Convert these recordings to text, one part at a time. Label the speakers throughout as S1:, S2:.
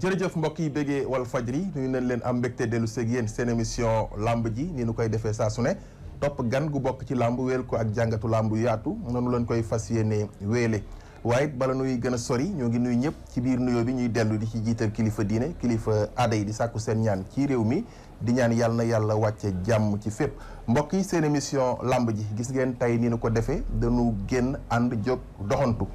S1: jërëjëf mbokk yi bëggee Walfadjri nuyu nañ leen am mbégte dellu seeg yéen seen émission làmb ji ni nu koy defee saa su ne topp gan gu bokk ci làmb wéel ko ak jàngatu làmb yu yaatu noonu leen koy fas yéene wéele waaye it bala nuy gën a sori ñoo ngi nuy ñëpp ci biir nuyoo bi ñuy dellu di ci jiital kilifa diine kilifa aada yi di sàkku seen ñaan ci réew mi di ñaan yàlla na yàlla wàcce jàmm ci fépp mbokk yi seen émission làmb ji gis ngeen tey ni nu ko defee dañu génn ànd jóg doxantu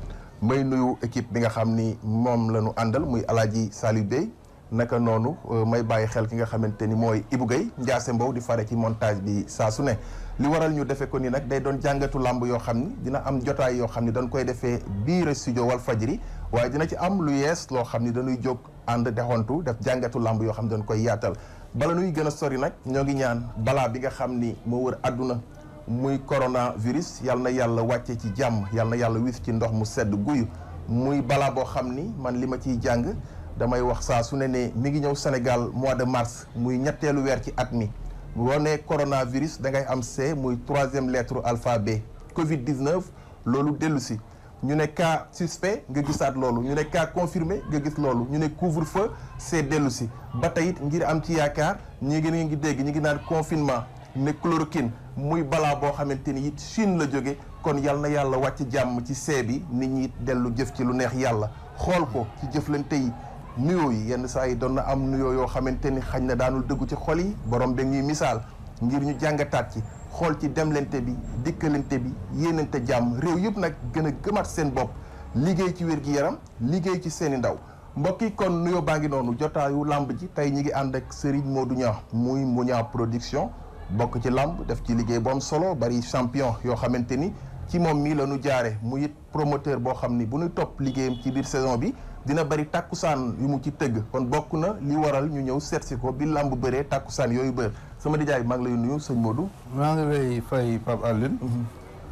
S1: may nuyu équipe bi nga xam ni moom la ñu àndal muy alaaji Saliou Bey naka noonu euh, may bàyyi xel ki nga xamante ni mooy Ibou Gueye Ndiasse Mbow di fare ci montage bi saa su ne li waral ñu defee ko ni nag day doon jàngatu làmb yoo xam ni dina am jotaay yoo xam ni dañ koy defee biir studio Walfadjri waaye dina ci am lu yees loo xam ni dañuy jóg ànd dexontu def jàngatu làmb yoo xam ni dañ koy yaatal bala nuy gën a sori nag ñoo ngi ñaan balaa bi nga xam ni moo wër àdduna muy coronavirus yal na yàlla wàcce ci jàmm yal na yàlla wis ci ndox mu sedd guyu muy balaa boo xam ni man li ma ciy jàng damay wax saa su ne nee mi ngi ñëw Sénégal mois de mars muy ñetteelu weer ci at ni boo nee coronavirus da ngay am C muy troisième lettre alphabet Covid 19 loolu dellu si ñu ne kaa suspect nga gisaat loolu ñu ne cas confirmé nga gis loolu ñu ne couvre feu c'est dellu si ba tey it ngir am ci yaakaar ñi ngi ngi dégg ñu ngi naan confinement. ne chloroquine muy balaa boo xamante ni it Chine la jóge kon yal na yàlla wàcc jàmm ci see bi nit ñi dellu jëf ci lu neex yàlla xool ko ci jëflante yi nuyoo yi yenn saa yi doon na am nuyoo yoo xamante ni xañ na daanul dëggu ci xol yi borom dañuy misaal ngir ñu jàngataat ci xool ci demlante bi dikkalante bi yéenante jàmm réew yëpp nag gën a gëmaat seen bopp liggéey ci wér-gi-yaram liggéey ci seeni ndaw mbokk yi kon nuyoo baa ngi noonu jotaayu làmb ji tey ñi ngi ànd ak Serigne Modou Niang muy Mouniang Production bokk ci làmb def ci liggéey bon solo bari champion yoo xamante ni ci moom mii la ñu jaare mu it promoteur boo xam ni bu ñu topp liggéeyam ci biir saison bi dina bari tàkkusaan yu mu ci tëgg kon bokk na li waral ñu ñëw seet si ko bi làmb bëree tàkkusaan yooyu bër sama nijaay maa mag lay nuyu sëñ Modou.
S2: maa ngi lay fay Pape mhm.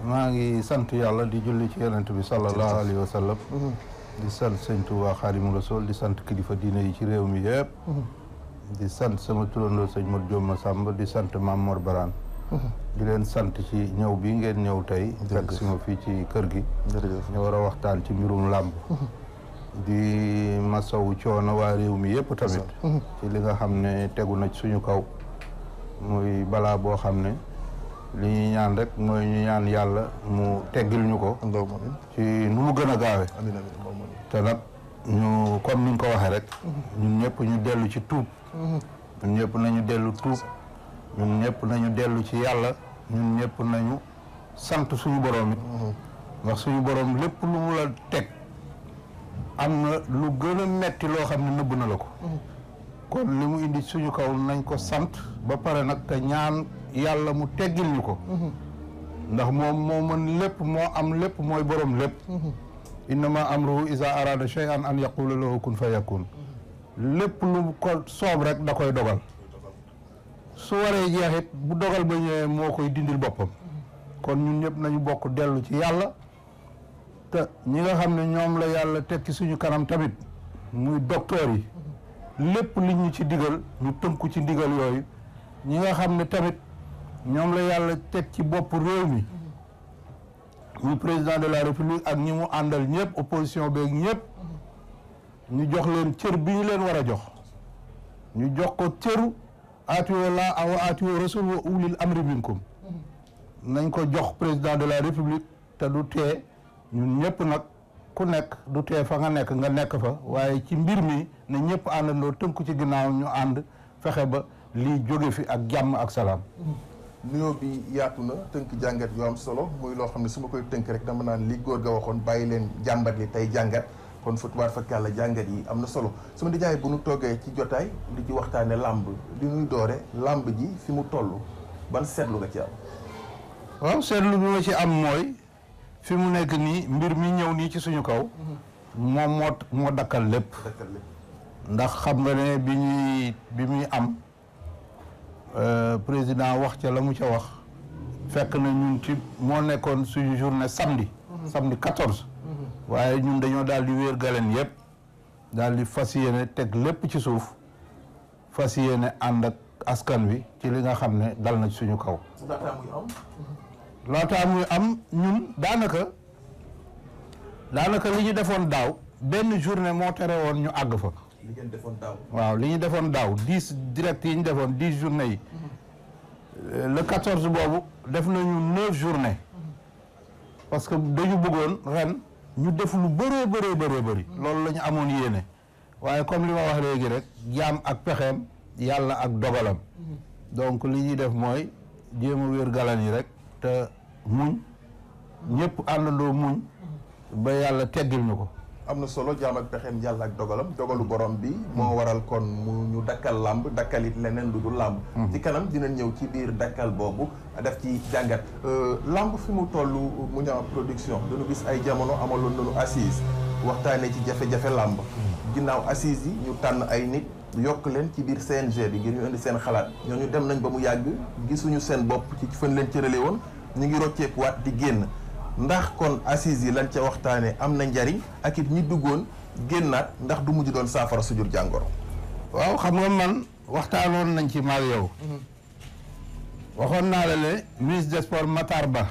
S2: maa ngi sant yàlla di julli ci yonent bi sallallahu alayhi wa sallam. Mhm. di sant sëñ Touba Xaadimu Rasuul di sant kilifa diine yi ci réew mi yëpp. Mhm. di sant sama turandoo sëñ Modou Diop Massamba di sant Maam Mor Baraan mhm. di leen sant ci ñëw bi ngeen ñëw tey fekk fii ci kër gi ñu war a waxtaan ci mbirum làmb mhm. di masawu coono waa réew mi yëpp tamit mhm. ci li nga xam ne tegu na ci suñu kaw muy balaa boo xam ne li ñuy ñaan rek mooy ñu ñaan yàlla mu teggil ñu ko ci nu mu gën a gaawe te nag ñu comme ni nga ko waxee rek ñun ñëpp ñu dellu ci tuub ñun ñëpp nañu dellu tuub ñun ñëpp nañu dellu ci yàlla ñun ñëpp nañu sant suñu borom it ndax suñu boroom lépp lu mu la teg am na lu gën a metti loo xam ne nëbb na la ko kon li mu indi suñu kaw nañ ko sant ba pare nag te ñaan yàlla mu teggil ñu ko ndax moom moo mën lépp moo am lépp mooy boroom lépp uhuh. innama amruhu iza arada shay'an an yaqula lahu kun fa yakun lépp lu ko soob rek da koy dogal su waree jeexit bu dogal ba ñëwee moo koy dindil boppam kon ñun ñëpp nañu bokk dellu ci yàlla te ñi nga xam ne ñoom la yàlla teg ci suñu kanam tamit muy docteur yi lépp li ñu ci digal ñu tënku ci ndigal yooyu ñi nga xam ne tamit ñoom la yàlla teg ci boppu réew mi ñu président de la république ak ñi mu àndal ñëpp opposition beeg ñëpp ñu jox leen cër bi ñu leen war a jox ñu jox ko cëru aatiyoo laa aw aatiyoo rasul wa ulil amri minkum nañ ko jox président de la république te du tee ñu ñëpp nag ku nekk du tee fa nga nekk nga nekk fa waaye ci mbir mi ne ñëpp àndandoo tënku ci ginnaaw ñu ànd fexe ba lii jóge fi ak jàmm ak salaam
S1: nuyoo bi yaatu na tënk jàngat yu am solo muy loo xam ne su ma koy tënk rek dama naan li góor ga waxoon bàyyi leen jàmbat yi tey jàngat kon fa tubaar fakk yàlla jàngat yi am na solo su ma di jaay bu nu toogee ci jotaay di ci waxtaane làmb li nuy doore làmb ji fi mu toll ban seetlu nga ci am
S2: waaw seetlu bi ci am mooy fi mu nekk nii mbir mi ñëw nii ci suñu kaw moom moo moo dakkal lépp ndax xam nga ne bi ñuy bi muy am euh, président wax ca la mu ca wax fekk na ñun ci moo nekkoon suñu journée samedi mhm. samedi 14. waaye ñun dañoo daal di wéer galen yëpp daal di fas yéene teg lépp ci suuf fas yéene ànd ak askan wi ci li nga xam ne dal na ci suñu kaw. laataa muy am. ñun daanaka daanaka li ñu defoon daaw benn journée moo tere woon ñu àgg fa.
S1: li defoon daaw.
S2: waaw li ñu defoon daaw dix direct yi ñu defoon dix journée yi. le quatorze boobu def nañu neuf journée. parce que dañu bëggoon ren. ñu def lu bëree bëree bëree bari loolu la ñu amoon yéene waaye comme li ma wax léegi rek jaam ak pexeem yàlla ak dogalam donc li ñuy def mooy jéem a wér galan yi rek te muñ ñëpp àndandoo muñ ba yàlla teggil ñu ko
S1: am na solo jaam ak pexeem jàll ak dogalam dogalu borom bi moo waral kon mu ñu dakkal làmb dakkalit leneen lu dul làmb mm-hmm. ci kanam dina ñëw ci biir dakkal boobu def ci jàngat euh, làmb fi mu toll mu ñaaw production dañu gis ay jamono amaloon nañu assise waxtaanee ci jafe-jafe làmb mm-hmm. ginnaaw assise yi ñu tànn ay nit yokk leen ci biir CNG bi ngir ñu indi seen xalaat ñooñu dem nañ ba mu yàgg gisuñu seen bopp ci fan leen cërale woon ñu ngi waat di génn ndax kon assises yi lañ ca waxtaanee am na njariñ ak it ñi duggoon génnaat ndax du mujj doon saafara sujur jàngoro. waaw xam nga man
S2: waxtaanoon nañ ci maag yow. Mhm. waxoon naa la ne ministre des sports Matar Ba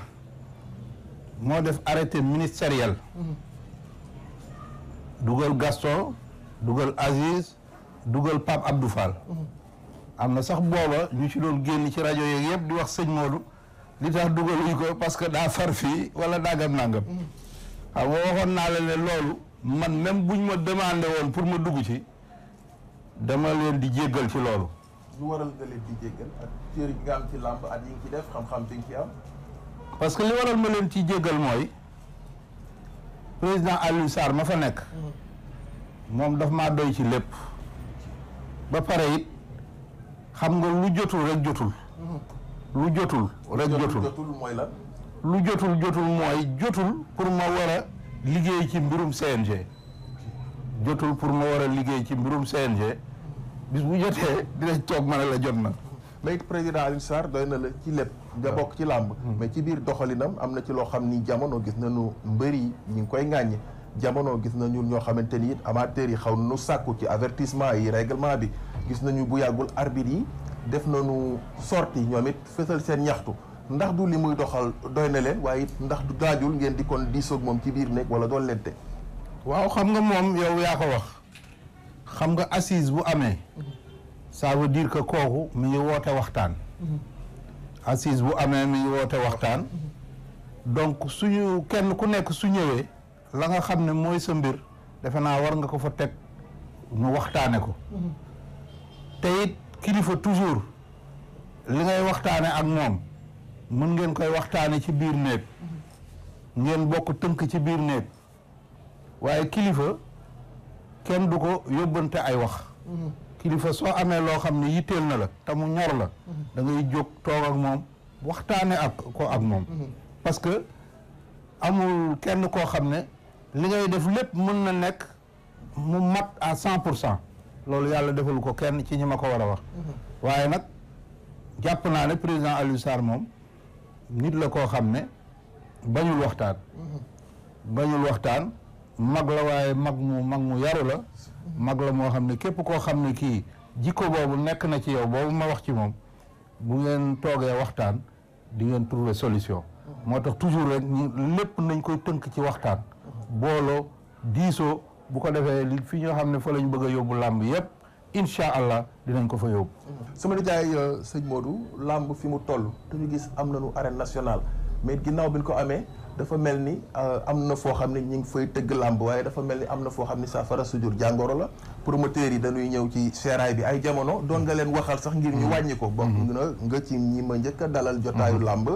S2: moo def arrête ministériel. Mhm. dugal Gaston dugal Aziz dugal Pape Abdou Fall. Mhm. am na sax booba ñu ci doon génn ci rajo yeeg yëpp di wax sëñ Modou. li tax dugaluñ ko parce que daa far fii wala daagam nangam. xam nga waxoon naa la ne loolu man même buñ ma demandé woon pour ma dugg ci dama leen di jéggal ci loolu.
S1: lu waral nga leen di jéggal ak ci
S2: parce que li waral ma leen ci jéggal mooy président Aliou Sarr ma fa nekk. moom daf maa doy ci lépp. ba pare it xam nga lu jotul rek jotul. Mhm. lu jotul rek mooy lan lu jotul jotul mooy jotul pour ma war liggéey ci mbirum CNG jotul pour ma war a liggéey ci mbirum CNG bis bu jotee
S1: dinañ toog ma ne la jot na léegi président Alioune Sarr doy na la ci lépp nga ah. bokk ci làmb hmm. mais ci biir doxalinam am na ci loo xam ni jamono gis nañu mbër yi ñu ngi koy ŋàññi jamono gis na ñu ñoo xamante ni it amateurs yi xaw nu sàkku ci avertissement yi règlement bi gis nañu bu yàggul arbitre yi def nañu sorti ñoom it fësal seen ñaxtu ndax du li muy doxal doy na leen waaye it ndax du daajul ngeen di kon diisoog moom ci biir nekk wala doon leen waaw
S2: xam nga moom yow yaa ko wax xam nga assise bu amee ça veut dire que kooku mi ngi woote waxtaan assise bu amee mi ngi woote waxtaan donc suñu kenn ku nekk su ñëwee la nga xam ne mooy sa mbir defe naa war nga ko fa teg ñu waxtaane ko te kilifa toujours li ngay waxtaane ak moom mën ngeen koy waxtaane ci biir néeg ngeen bokk tënk ci biir néeg waaye kilifa kenn du ko yóbbante ay wax kilifa soo amee loo xam ne yitteel na la te mu ñor la dangay ngay jóg toog ak moom waxtaane ak ko ak moom parce que amul kenn koo xam ne li ngay def lépp mën na nekk mu mat à cent pour cent loolu yàlla defalu ko kenn ci ñi ma ko war a wax waaye nag jàpp naa ne président Aliou Sarr moom nit la koo xam ne bañul waxtaan bañul waxtaan mag la waaye mag mu mag mu yaru la mag la moo xam ne képp koo xam ne kii jikko boobu nekk na ci yow boobu ma wax ci moom bu ngeen toogee waxtaan di ngeen trouver solution moo tax toujours rek lépp nañ koy tënk ci waxtaan booloo diisoo bu ko defee fi ñoo xam ne fa la ñu bëgg a yóbbu làmb yépp incha allah dinañ ko fa yóbbu.
S1: sama nijaay euh, sëñ Modou làmb fi mu toll te ñu gis am na nañu arène national mais ginnaaw bi ñu ko amee dafa mel ni euh, am na foo xam ne ñu ngi fay tëgg làmb waaye dafa mel ni am na foo xam ne saafara su jur jàngoro la promoteurs yi dañuy ñëw ci seeraay bi ay jamono doon nga leen waxal sax ngir ñu mm-hmm. wàññi ko. bokk mm-hmm. nga ci ñi ma njëkk a dalal jotaayu mm-hmm. làmb.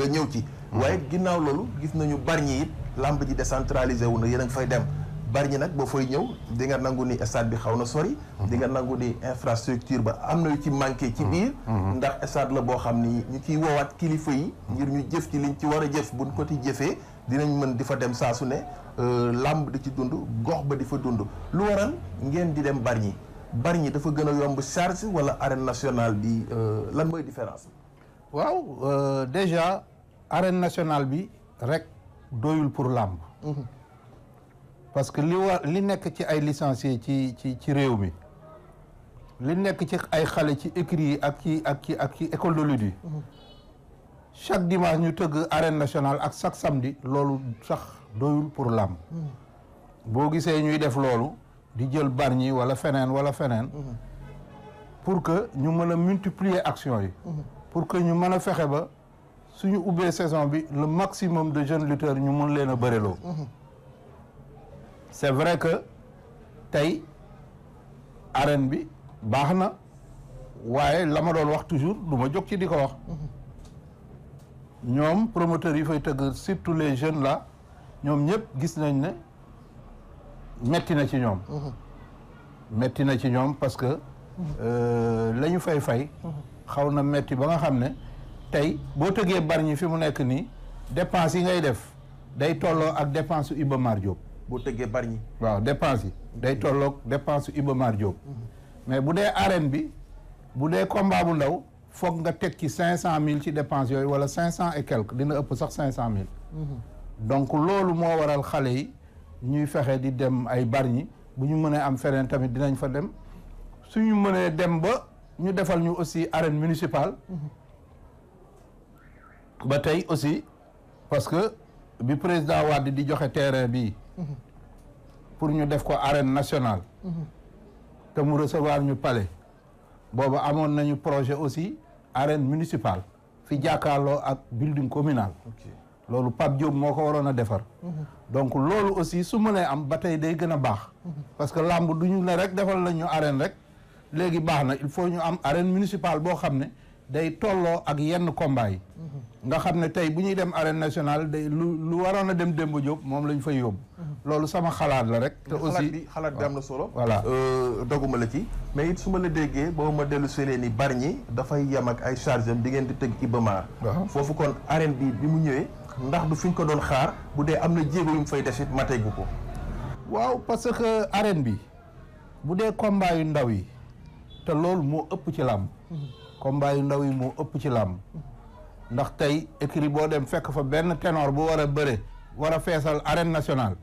S1: nga ñëw ci. waaye ginnaaw loolu gis nañu bari ñi làmb ji décentralisé wu na yéen fay dem. bari ñi nag boo fay ñëw di nga nangu ni stade bi xaw na sori. Mhm. di nga nangu ni infrastructure ba am na yu ci manqué. ci mhm. biir mhm. ndax stade la boo xam ni ñu ciy woowaat kilifa yi. ngir ñu jëf ci liñ ci war a jëf buñ ko ci jëfee dinañ mën di fa dem saa su ne euh, làmb di ci dund gox ba di fa dund lu waral ngeen di dem bari ñi bari ñi dafa gën a yomb charge wala
S2: arène nationale bi euh, lan mooy différence bi. waaw euh, déjà arène nationale bi rek doyul pour làmb. parce que li war li nekk ci ay licenciés ci ci ci réew mi li nekk ci ay xale ci écrit yi ak ci ak ci ak ci école de lutte chaque dimanche ñu tëgg arène nationale ak chaque samedi loolu sax doyul pour làmb boo gisee ñuy def loolu di jël barñi wala feneen wala feneen pour que ñu mën a multiplier action yi pour que ñu mën a fexe ba suñu ubbee saison bi le maximum de jeunes lutteurs ñu mën leen a bëreloo c'est vrai que tey arène bi baax na waaye la ma doon wax toujours du ma jóg ci di ko wax ñoom promoteurs yi fay tëgg surtout les jeunes la ñoom ñëpp gis nañ ne metti na ci ñoom metti na ci ñoom parce que euh, la ñu fay fay xaw na metti ba nga xam ne tey boo tëggee bari fi mu nekk nii dépense yi ngay def day tolloo ak dépense u Iba Mar boo tëggee bari ñi waaw dépense yi day tolloog dépense yu Iba Mar mais bu dee arène bi bu dee combat bu ndaw foog nga teg ci cinq cent mille ci dépense yooyu wala cinq cent et quelque dina ëpp sax cinq cent mille
S3: mm-hmm.
S2: donc loolu moo waral xale yi ñuy fexe di dem ay barñi bu ñu mënee am feneen tamit dinañ fa dem suñu mënee dem ba ñu defal ñu aussi arène municipale mm-hmm. ba tey aussi parce que bi président Wade di joxe terrain bi pour ñu def ko arène nationale te mu recevoir ñu palais booba amoon nañu projet aussi arène municipale fi jàkkaarloo ak building communal loolu Pape Diop moo ko waroon a defar donc loolu aussi su mënee am ba tey day gën a baax parce que làmb du ñu ne rek defal la ñu rek léegi baax na il faut ñu am arène municipale boo xam ne day tolloo ak yenn combat yi nga xam ne tey bu ñuy dem arène nationale day lu lu waroon a dem Demba Diop moom lañ fay yóbbu. Mhm. loolu sama xalaat la rek. te aussi xalaat bi am na solo. voilà euh, doguma la ci. mais it su ma la déggee boo ma dellu
S1: see seelee ni bari ñi dafay yem ak ay charge dingeen di ngeen di tëgg foofu kon arène bi bi
S2: mu ñëwee. ndax du ko doon xaar bu dee am na jéego yu mu fay def ma tegu ko. waaw parce que arène bi bu dee combat yu ndaw yi te loolu moo ëpp ci làmb. Mhm. combat yu ndaw yi moo ëpp ci làmb. Mhm. ndax tey écrit boo dem fekk fa benn ténor bu war a bëre war a feesal arène nationale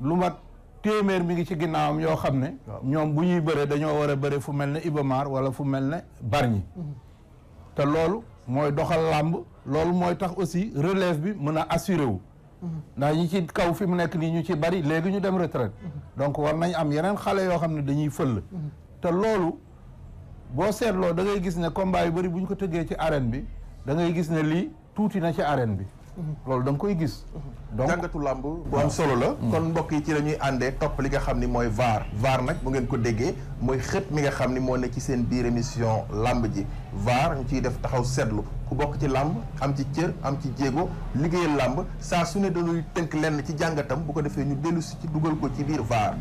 S2: lu mat téeméer mi ngi ci ginnaawam yoo xam ne ñoom bu ñuy bëre dañoo war a bëre fu mel ne Ibamar wala fu mel ne bar ñi mm-hmm. te loolu mooy doxal làmb loolu mooy tax aussi relève bi mën a assuré wu mm-hmm. ndax ñi ci kaw fi mu nekk nii ñu ci bari léegi ñu dem retraite mm-hmm. donc war nañ am yeneen xale yoo xam ne dañuy fël te loolu boo seetloo da ngay gis ne combat yu bari bu ñu ko tëggee ci arène bi da ngay gis ne lii tuuti na ci arène bi. loolu da nga koy gis. donc jàngatu làmb bu am solo la. Mm. kon mbokk
S1: yi ci la ñuy àndee topp li nga xam ni mooy VAR. VAR nag bu ngeen ko déggee mooy xët mi nga xam ni moo ne ci seen biir émission làmb ji VAR ñu ciy def taxaw seetlu ku bokk ci làmb am ci cër am ci jéego liggéeyal làmb saa su ne dañuy tënk lenn ci jàngatam bu ko defee ñu dellu si ci dugal ko ci biir VAR.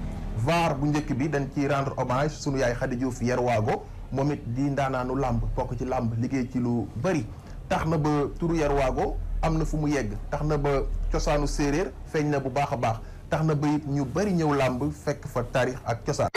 S1: VAR bu njëkk bi dañ ciy rendre hommage sunu yaay Khady Diouf Yerwago moom it di ndaanaanu làmb bokk ci làmb liggéey ci lu bëri. tax na ba turu yarwaago am na fu mu yegg tax na ba cosaanu séeréer feeñ na bu baax a baax tax na ba it ñu bari ñëw làmb fekk fa taarix ak cosaan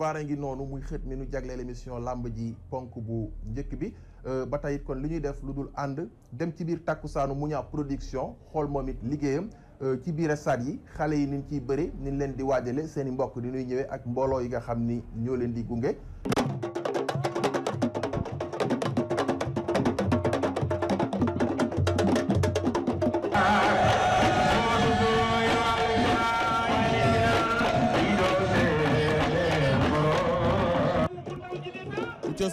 S1: victoire ngi noonu muy xët mi nu jagleel émission làmb ji ponk bu njëkk bi euh, ba tey kon li ñuy def lu dul ànd dem ci biir tàkkusaanu mu ñaa production xool moom it liggéeyam euh, ci biir stade yi xale yi nin ciy bëre nin leen di waajale seen i mbokk ni nuy ñëwee ak mbooloo yi nga xam ni ñoo leen di gunge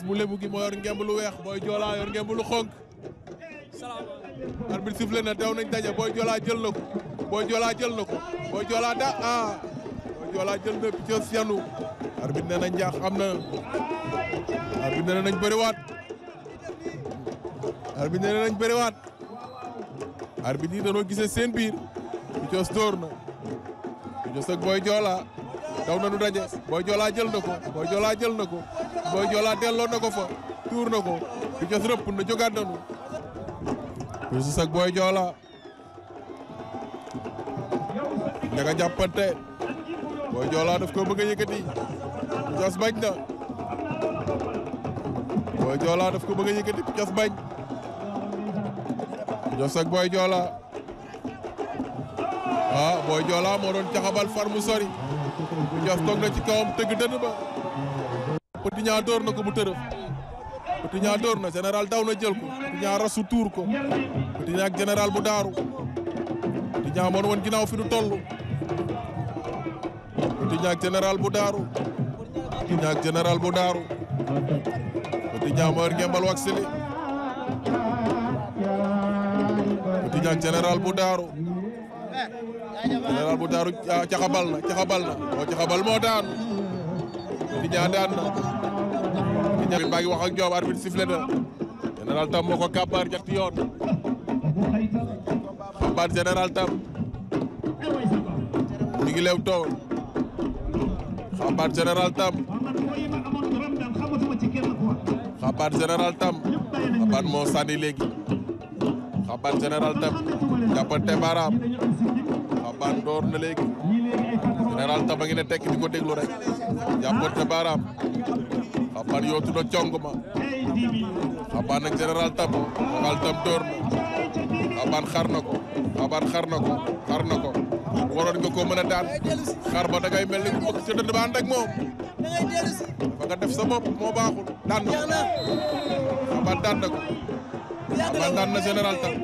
S4: bu lébu gi moo yor ngemb lu weex booy joolaa yor ngemb lu xonk arbitre sifflé na nañ daje booy joolaa jël na ko booy joolaa jël na ko booy joolaa da ah jël na picos yanu arbitre nee na njaax am na arbitre nee nañ bëriwaat arbitre nee nañ bëriwaat arbitre yi danoo gisee seen biir picos dóor na picos ak booy joolaa daw na nu daje Boy Joola jël na ko Boy Joola jël na ko Boy Joola delloo na ko fa tuur na ko du jos rëpp na jógaat na nu Youssouf ak Boy Joola ña nga jàppante Joola daf ko bëgg a yëkkati jos bañ na Boy Joola daf ko bëgg a yëkkati jos bañ jos ak Boy Joola ah Boy Joola moo doon caxabal far mu sori. Diouf toog na ci kawam tëgg dënn ba Petit Niang door na ko mu tërëf Petit Niang na général daw na jël ko Petit Niang rasu tuur ko Petit Niang ak bu daaru Petit Niang moon woon fi nu toll Petit Niang ak général bu daaru Petit Niang ak général bu daaru Petit Niang sili Petit Niang ak bu daaru général bu daaru caxabal na caxabal na moo oh, caxabal moo daanu daan na Tidiane baa ngi wax ak Diop arbitre sifflé na général tam moo ko kàbbaar ñetti yoon xambaat général tam ñu ngi toon xambaat général tam xambaat moo sànni léegi xambaat général tam jàppante baaraam Waan door na léegi général Taba ngi ne tekki di ko déglu rek jàppoon na baaraam Xaban yootu na cong ma Xaban ak général Taba général Taba door na Xaban xar na ko Xaban xar na ko xar na ko waroon nga koo mën a daan xar ba dangay mel ni ku ci dënd ba ànd ak moom fa nga def sa bopp moo baaxul daan na ko Xaban daan na ko Xaban daan na général Taba.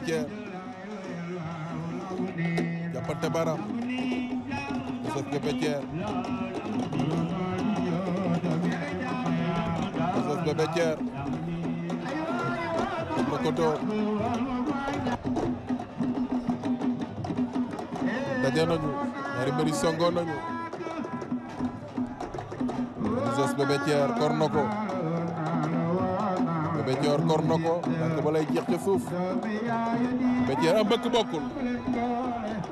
S4: Dieng jàppante baram Youssouf Bébé Dieng Youssouf Bébé Dieng am na ko door daje nañu ñaari mbëri songo nañu Youssouf Bébé Dieng kor na kor na ko tànk ba lay jeex ca suuf Bédière am mbëkk bokkul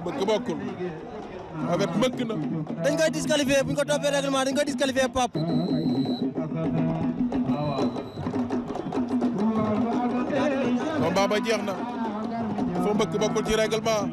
S4: mbëkk bokkul avec na. dañ koy disqualifié bu ko toppee règlement dañ koy disqualifié Pape. combat ba jeex na foo mbëkk ci règlement.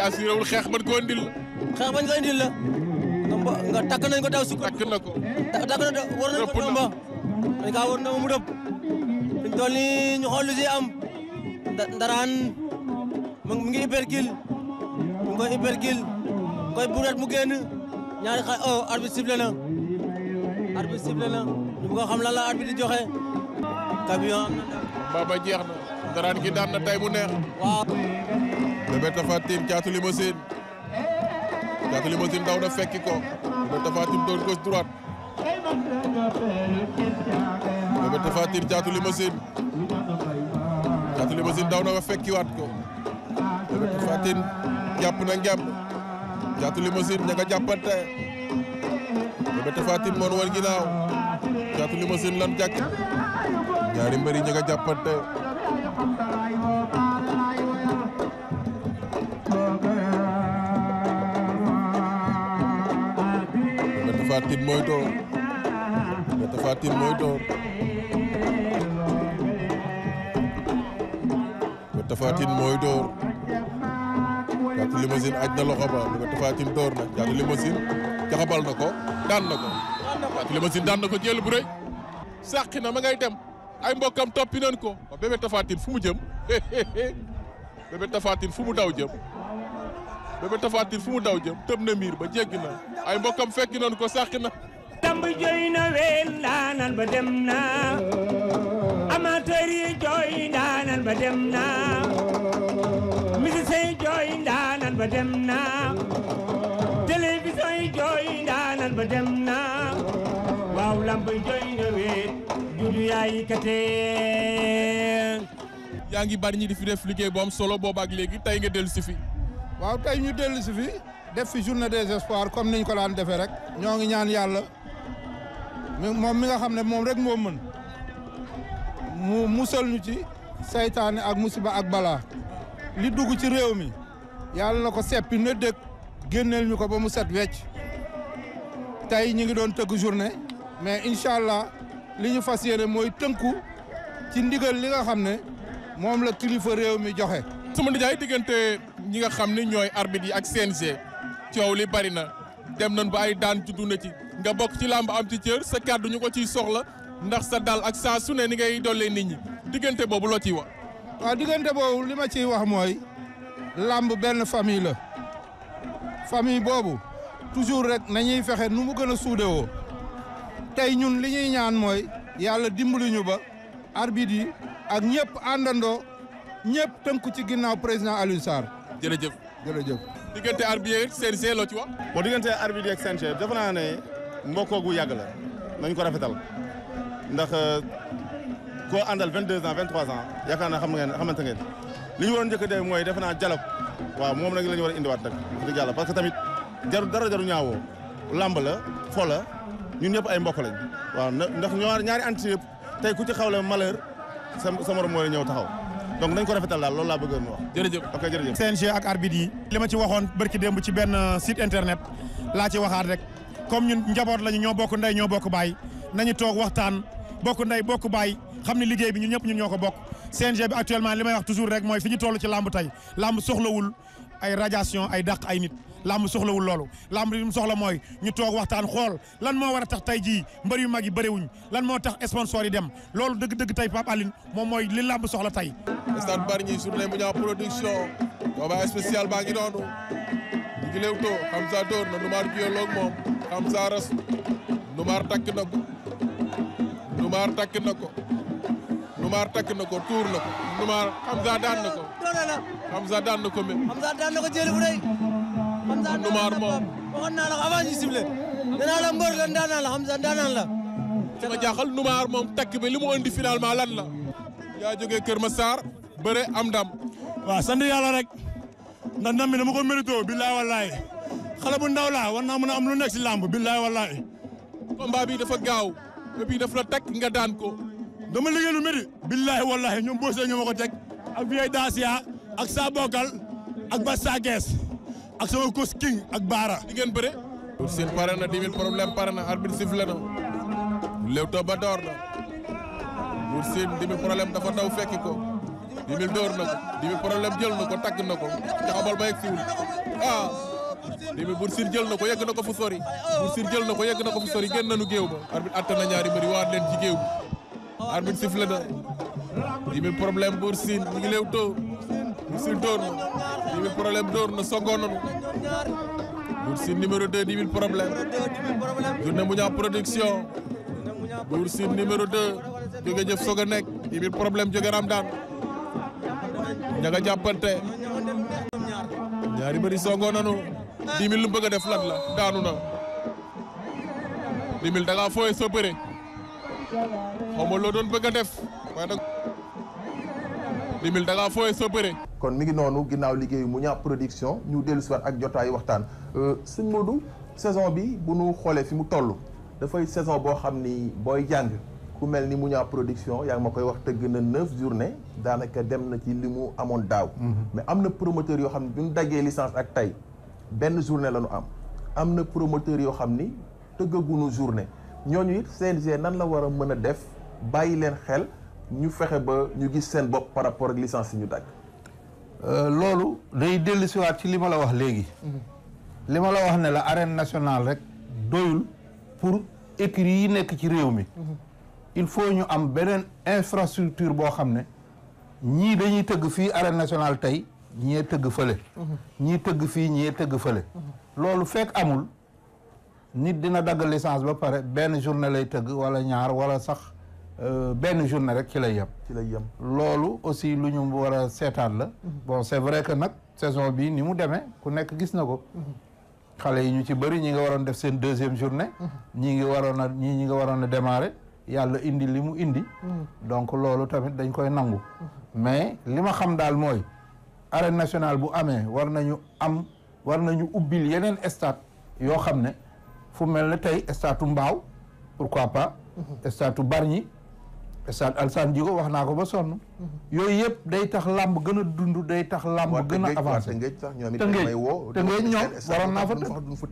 S4: gi assuré wul xeex man ko indil la. xeex man ko indil la. nga takk nañ ko daw si. takk na ko takk na war nañ ko ndomba.
S5: dañ kaa war ndomba mu dëpp. fi mu toll ñu xool lu si am. ndaraan mu ngi hyperkil mu ngi koy hyperkil koy buret
S4: mu génn ñaari xay oh arbitre sifflé na arbitre sifflé na ñu xam lan la di joxe camion baba jeex na ndaraan gi daan na tey mu neex. waaw. Bébé Tapha Tine Thiatou Limousine Thiatou Limousine daw na fekki ko Bébé Tapha Tine doon gauche droite Bébé Tapha Tine Thiatou Limousine Thiatou Limousine daw na fekkiwaat ko Bébé Tapha Tine jàpp na ngemb Thiatou Limousine ña nga jàppante Bébé Tapha Tine moon woon ginaaw Thiatou lan jàkk ñaari mbëri ña nga jàppante mooy door mais Tapha Tine mooy door mais Tapha Tine mooy door Thiatou Limousine aj na loxo ba mais Tapha Tine door na Thiatou Limousine jaxabal na ko daan na ko Thiatou Limousine daan na ko jël bu rëy sàqi na ma ngay dem ay mbokkam toppi nañ ko waaw bébé Tapha Tine fu mu jëm bébé Tapha Tine fu mu daw jëm bébé Tapha Tine fu mu daw jëm tëb na miir ba jéggi na ay mbokkam fekki nañu ko sàkki na. lamb jooy na weel ndaanaan ba dem na amateur yi jooy ndaanaan ba dem na musicien yi jooy ndaanaan ba dem na télévision yi jooy ndaanaan ba dem na waaw lamb jooy na weel juddu yaayi yaa ngi bari ñi di fi def liggéey bu solo boobaak léegi tey nga dellusi fi
S2: waaw tey ñu dellu si fi def fi journée des espoirs comme ñu ko daan defee rek ñoo ngi ñaan yàlla moom mi nga xam ne moom rek moo mën mu musal ñu ci saytaane ak musiba ak balaa li dugg ci réew mi yàlla na ko seppi na dëkk génneel ñu ko ba mu set wecc tey ñu ngi doon tëgg journée mais incha allah li ñu fas yéene mooy tënku ci ndigal li nga xam ne moom la kilifa réew mi
S4: joxe. sama nijaay diggante ñi nga xam ne ñooy arbitre yi ak CNG coow li bari na dem nañ ba ay daan juddu na ci nga bokk ci làmb am ci cër sa kàddu ñu ko ciy soxla ndax sa dal ak saa su ne ni ngay dollee nit ñi diggante boobu loo ciy wax. waaw diggante boobu li ma
S2: ciy wax mooy làmb benn famille la famille boobu toujours rek nañuy fexe nu mu gën a suudewoo tey ñun li ñuy ñaan mooy yàlla dimbali ba arbitre yi ak ñëpp àndandoo ñëpp tënku ci ginnaaw président Alioune Sarr. jërëjëf jërëjëf diggante arbitre ak loo ci wax bon diggante arbitre ak CNG defe naa ne mbokkoo gu yàgg la nañ ko rafetal
S1: ndax euh, ko àndal 22 ans 23 ans yaakaar naa xam ngeen xamante ngeen li ñu waroon njëkk a mooy defe naa dialogue waaw moom nag la ñu war a indiwaat nag wax dëgg yàlla parce que tamit jaru dara jaru ñaawoo làmb la fo la ñun ñëpp ay mbokk lañ waaw ndax ñaari ñaari anti yëpp tey ku ci xawle malheur sa sa morom moo ñëw taxaw donc nañ ko rafetal daal loolu laa bëggoon wax. jërëjëf ok jërëjëf.
S2: CNG ak arbitre yi. li ma ci waxoon barki démb ci benn euh, site internet laa ci waxaat rek comme ñun njaboot lañu ñoo bokk ndey ñoo bokk baay nañu toog waxtaan bokk ndey bokk baay xam ne liggéey bi ñun ñëpp ñun ñoo ko bokk. CNG bi actuellement li wax toujours rek mooy fi ñu toll ci làmb tey làmb soxlawul ay radiation ay dàq ay nit. làmb soxlawul loolu làmb li mu soxla mooy ñu toog waxtaan xool lan moo war a tax tey jii mbër yu mag yi bëriwuñ lan moo tax
S5: sponsor yi dem loolu dëgg-dëgg tey Pape Aline moom mooy li làmb soxla tey
S4: stade Bargny journée mu ñaaw production combat spécial baa ngi noonu ñu ngi Leewtoo Hamza Dóor na Numaar biologue moom Hamza ras Numaar takk na ko Numaar takk na ko takk na ko tuur na ko Numaar Hamza
S1: daan daan na ko mi Hamza daan Hamza Ndoumaar
S4: moom waxoon naa la avant la mbër la ndaanaan la li ma jaaxal Ndoumaar moom takk bi li mu indi finalement lan la yaa jógee Kër Massar bëre am ndam waaw sant rek ndax ndam bi dama ko mérito billaay wallaay xale bu ndaw laa war na mën am lu nekk si làmb billaay wallaay combat bi dafa gaaw et puis daf la teg nga daan ko dama liggéey lu méri billaay wallaay ñoom boosee ñoo ma ko teg ak vieille dacia ak sa bokal ak ba sa gees ak sama kos king ak baara di ngeen bëre sin pare na dix mille problème pare na arbitre sifflé na Leewtoo ba door na Bour Sine dix mille problème dafa daw fekki ko dix mille door na ko jël na ko tagg na ko caxabal ba yegg siwul ah dix mille jël na ko yegg na ko fu sori Bour jël na ko yegg na ko fu sori génn nañu géew ba arbitre atte na ñaari mbëri waat leen ci géew bi arbitre sifflé na dix mille problème Bour Sine ñu ngi leew tóor Bour Sine na dix mille problème dóor na songoon nañu Bour numéro de dix mille problème journée Mouña production Bour Sine numéro 2 jóge jëf soog a nekk problème jóge Ramdan ña nga jàppante ñaari bëri songoon nañu dix mille lu bëgg a def lan la daanu na dix mille da ngaa fooye soo bëre doon bëgg a def waaye nag
S1: limil da ngaa kon mi ngi noonu ginnaaw liggéey mu production ñu dellu si waat ak jotaayu waxtaan euh, sëñ Modou saison bi bu nu xoolee fi mu toll dafay saison boo xam ni booy jàng ku mel ni Mouña production yaa ngi ma koy wax tëgg na neuf journée daanaka dem na ci li mu amoon daaw. Mhm. mais am na promoteur yoo xam ne bi ñu daggee licence ak tey benn journée la ñu am. am na promoteur yoo xam ni tëggaguñu journée ñooñu it CNG nan la war a mën a def bàyyi leen xel. ñu fexe ba ñu gis seen bopp par rapport ak licence yi ñu dagg.
S2: Euh, loolu day dellu siwaat ci li ma la wax léegi.
S3: Mm-hmm.
S2: li ma la wax ne la arène nationale rek doyul pour écuries yi nekk ci réew mi. Mm-hmm. il faut ñu am beneen infrastructure boo xam ne ñii dañuy tëgg fii arène nationale tey ñee tëgg fële. Mm-hmm. ñii tëgg fii ñee tëgg fële. loolu fekk amul nit dina dagg licence ba pare benn journée lay tëgg wala ñaar wala sax. Euh, benn journée rek ci lay yem. ci lay yem loolu aussi lu ñu war a seetaan la. Mhm. bon c'est vrai que nag saison bi ni mu demee ku nekk gis na ko. Mhm. xale yi ñu ci bëri ñi nga waroon def seen deuxième journée. Mhm. ñi ngi waroon a ñii ñi nga waroon a démarrer yàlla indi li mu indi. donc loolu tamit dañ koy nangu. mais li ma xam daal mooy arène nationale bu amee war nañu am war nañu ubbil yeneen state yoo xam ne fu mel ne tey stade u Mbaaw pourquoi pa statu u Bargny. stade Alassane Djigo wax naa ko ba sonn. Mhm. yooyu yëpp day tax làmb gën a dund day tax làmb gën a avancé tëngeej
S1: tëngeej ñoom waroon naa fa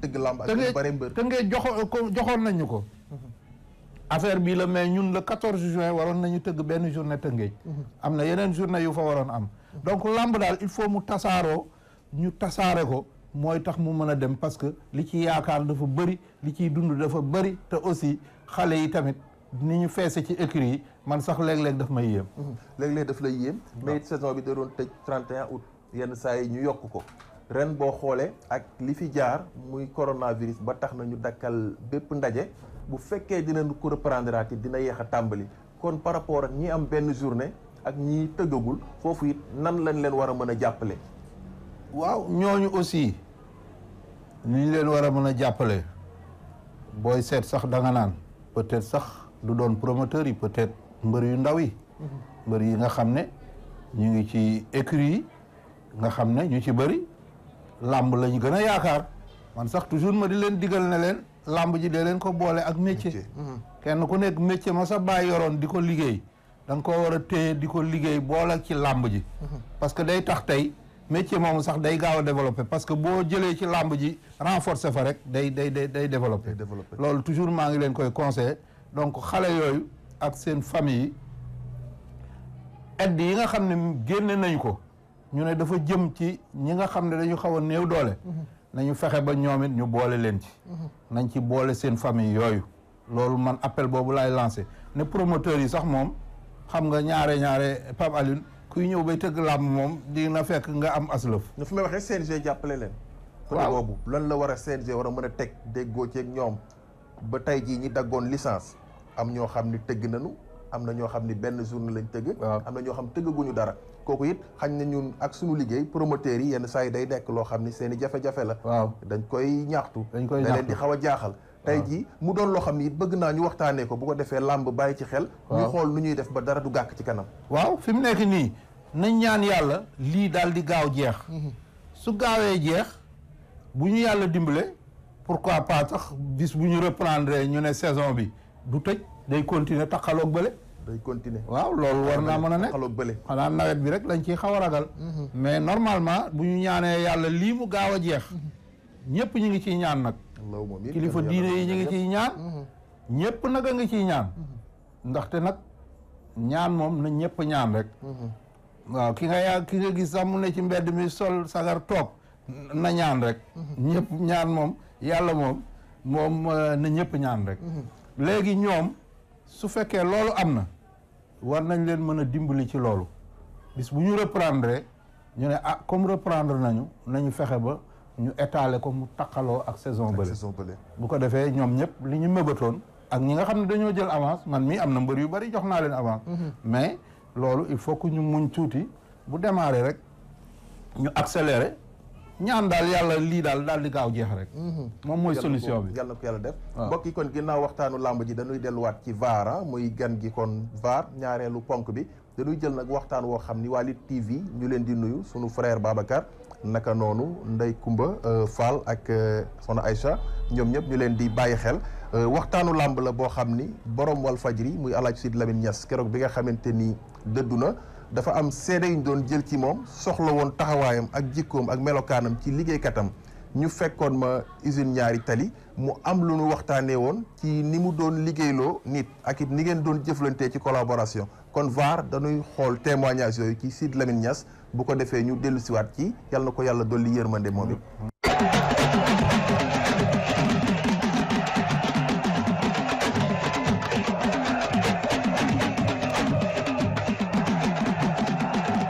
S2: tëngeej tëngeej joxoon joxoon nañu ko mhm. affaire bii la mais ñun la 14 juin waroon nañu tëgg benn journée tëngeej mhm. am na yeneen journée yu fa waroon am donc làmb daal il faut mu tasaaroo ñu tasaare ko mooy tax mu mën a dem parce que li ci yaakaar dafa bëri li ciy dund dafa bëri te aussi xale yi tamit ni ñu feese ci écrit yi man sax léegi léeg daf may yéem.
S1: Mhm. léeg-léeg daf lay yéem. mais it saison bi da doon tëj 31 août yenn saa yi ñu yokk ko. ren boo xoolee ak li fi jaar muy coronavirus ba tax na ñu dakkal bépp ndaje bu fekkee dinañ ko reprendre dina yéex a tàmbali kon par rapport ak ñi am benn journée ak ñi tëggagul foofu it nan lañ leen war
S2: a mën a jàppale. waaw ñooñu aussi ñu ñu leen war a mën a jàppale booy seet sax da nga naan peut-être sax du doon promoteur yi peut-être. mbër yu ndaw yi mbër yi nga xam ne ñu ngi ci écurie yi nga xam ne ñu ci bëri làmb lañu gën a yaakaar man sax toujours ma di leen digal ne leen làmb ji de leen ko boole ak métier mhm. kenn ku nekk métier ma sa bàyyi yoroon di ko liggéey danga nga koo war a téye di ko liggéey boole ak ci làmb ji mhm. parce que day tax tey métier moom sax day gaaw a développé parce que boo jëlee ci làmb ji renforcer fa rek day day day day développé loolu toujours maa ngi leen koy conseillé donc xale yooyu ak seen famille aide yi nga xam ne génne nañ ko ñu ne dafa jëm ci ñi nga xam ne dañu xaw a néew doole nañu fexe ba ñoom it ñu boole leen ci nañ ci boole seen famille yooyu loolu man appel boobu laay lancé ne promoteur yi sax moom xam nga ñaare ñaare Pape Alioune kuy ñëw bay tëgg làmb moom di na fekk nga am aslëf
S1: nga fi may waxee CNG jàppale leen waaw boobu lan la war a CNG war a mën a teg déggoo ceeg ñoom ba tey jii ñi daggoon licence am ñoo xam ni tëgg nañu am na ñoo xam ni benn journée lañ tëgg am na ñoo xam tëggaguñu dara kooku it xañ na ñun ak suñu liggéey promoteurs yi yenn saa yi day nekk loo xam ni seen i jafe-jafe la dañ koy ñaxtu da leen di xaw a jaaxal tey jii mu doon loo xam ni bëgg naa ñu waxtaanee ko bu ko defee làmb bàyyi ci xel ñu xool nu ñuy def ba dara du gàkk ci kanam
S2: waaw fi mu nekk nii nañ ñaan yàlla lii daal di gaaw jeex mhm. su gaawee jeex bu ñu yàlla dimbale pourquoi pas sax bis bu ñu reprendre ñu ne saison bi du tëj day continuer taxaloog bële. day waaw loolu war naa mën a ne bële xanaa nawet bi rek lañ ciy xaw a ragal mhm. mais normalement bu ñu ñaanee yàlla lii mu gaaw a jeex ñëpp ñu ngi ci ñaan nag
S3: kilifa diine yi ñu ngi ci ñaan
S2: ñëpp nag a ngi ciy ñaan mhm. ndaxte nag ñaan moom na ñëpp ñaan rek mhm. waaw ki nga yaa ki nga gis sax mu ne ci mbedd mi sol sagar toog na ñaan rek ñëpp ñaan moom yàlla moom moom euh, na ñëpp ñaan rek léegi ñoom su fekkee loolu am na war nañ leen mën a dimbali ci loolu bis bu ñu reprendre ñu ne ah comme reprendre nañu nañu fexe ba ñu étaler ko mu taqaloo ak saison bële bu ko defee ñoom ñëpp li ñu mëbatoon ak ñi nga xam ne dañoo jël avance man mii am na mbër yu bari jox naa leen avance mhm. mais loolu il faut que ñu muñ tuuti bu démarrer rek ñu accélérer ñaan daal yàlla lii daal daal di gaaw jeex rek mhm. moom mooy solution bi
S1: yàlla ko yàlla def ah. mbokk yi kon ginnaaw waxtaanu làmb ji dañuy delluwaat ci vaara muy gan gi kon vaar ñaareelu ponk bi dañuy jël nag waxtaan woo xam ni waa Lutte TV ñu leen di nuyu sunu frère Babacar naka noonu Ndey Kumba euh, Fall ak euh, Soxna Aïcha ñoom ñëpp ñu leen di bàyyi xel euh, waxtaanu làmb la boo xam ni borom Walfadjri muy Alaaji Sidy Lamine Niass keroog bi nga xamante ni dëddu na dafa am seede yu ñu doon jël ci moom soxla woon taxawaayam ak jikkoom ak melokaanam ci liggéeykatam ñu fekkoon ma usine ñaari tali mu am lu nu waxtaanee woon ci ni mu doon liggéeyloo nit ak ni ngeen doon jëflantee ci collaboration kon VAR danuy xool témoignage yooyu ci Sidy Lamine Niass bu ko defee ñu dellusiwaat ci yàlla na ko yàlla dolli yërmande moom it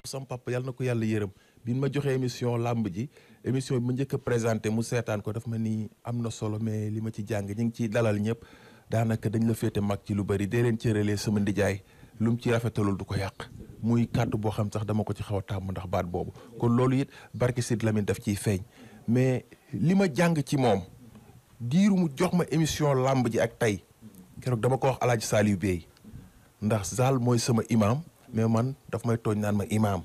S1: sama papa yàlla na ko yàlla yërëm bi ma joxee émission làmb ji émission bi ma njëkk a présenté mu seetaan ko daf ma ni am na solo mais li ma ci jàng ñu ngi ciy dalal ñëpp daanaka dañu la féete mag ci lu bari dee leen cëralee sama ndijaay lu mu ci rafetalul du ko yàq muy kàddu boo xam sax dama ko ci xaw a tàmm ndax baat boobu kon loolu it barke Sid Lamine daf ciy feeñ mais li ma jàng ci moom diiru mu jox ma émission làmb ji ak tey keroog dama ko wax alaaji Saliou Bey ndax Zal mooy sama imam mais man daf may tooñ naan ma imaam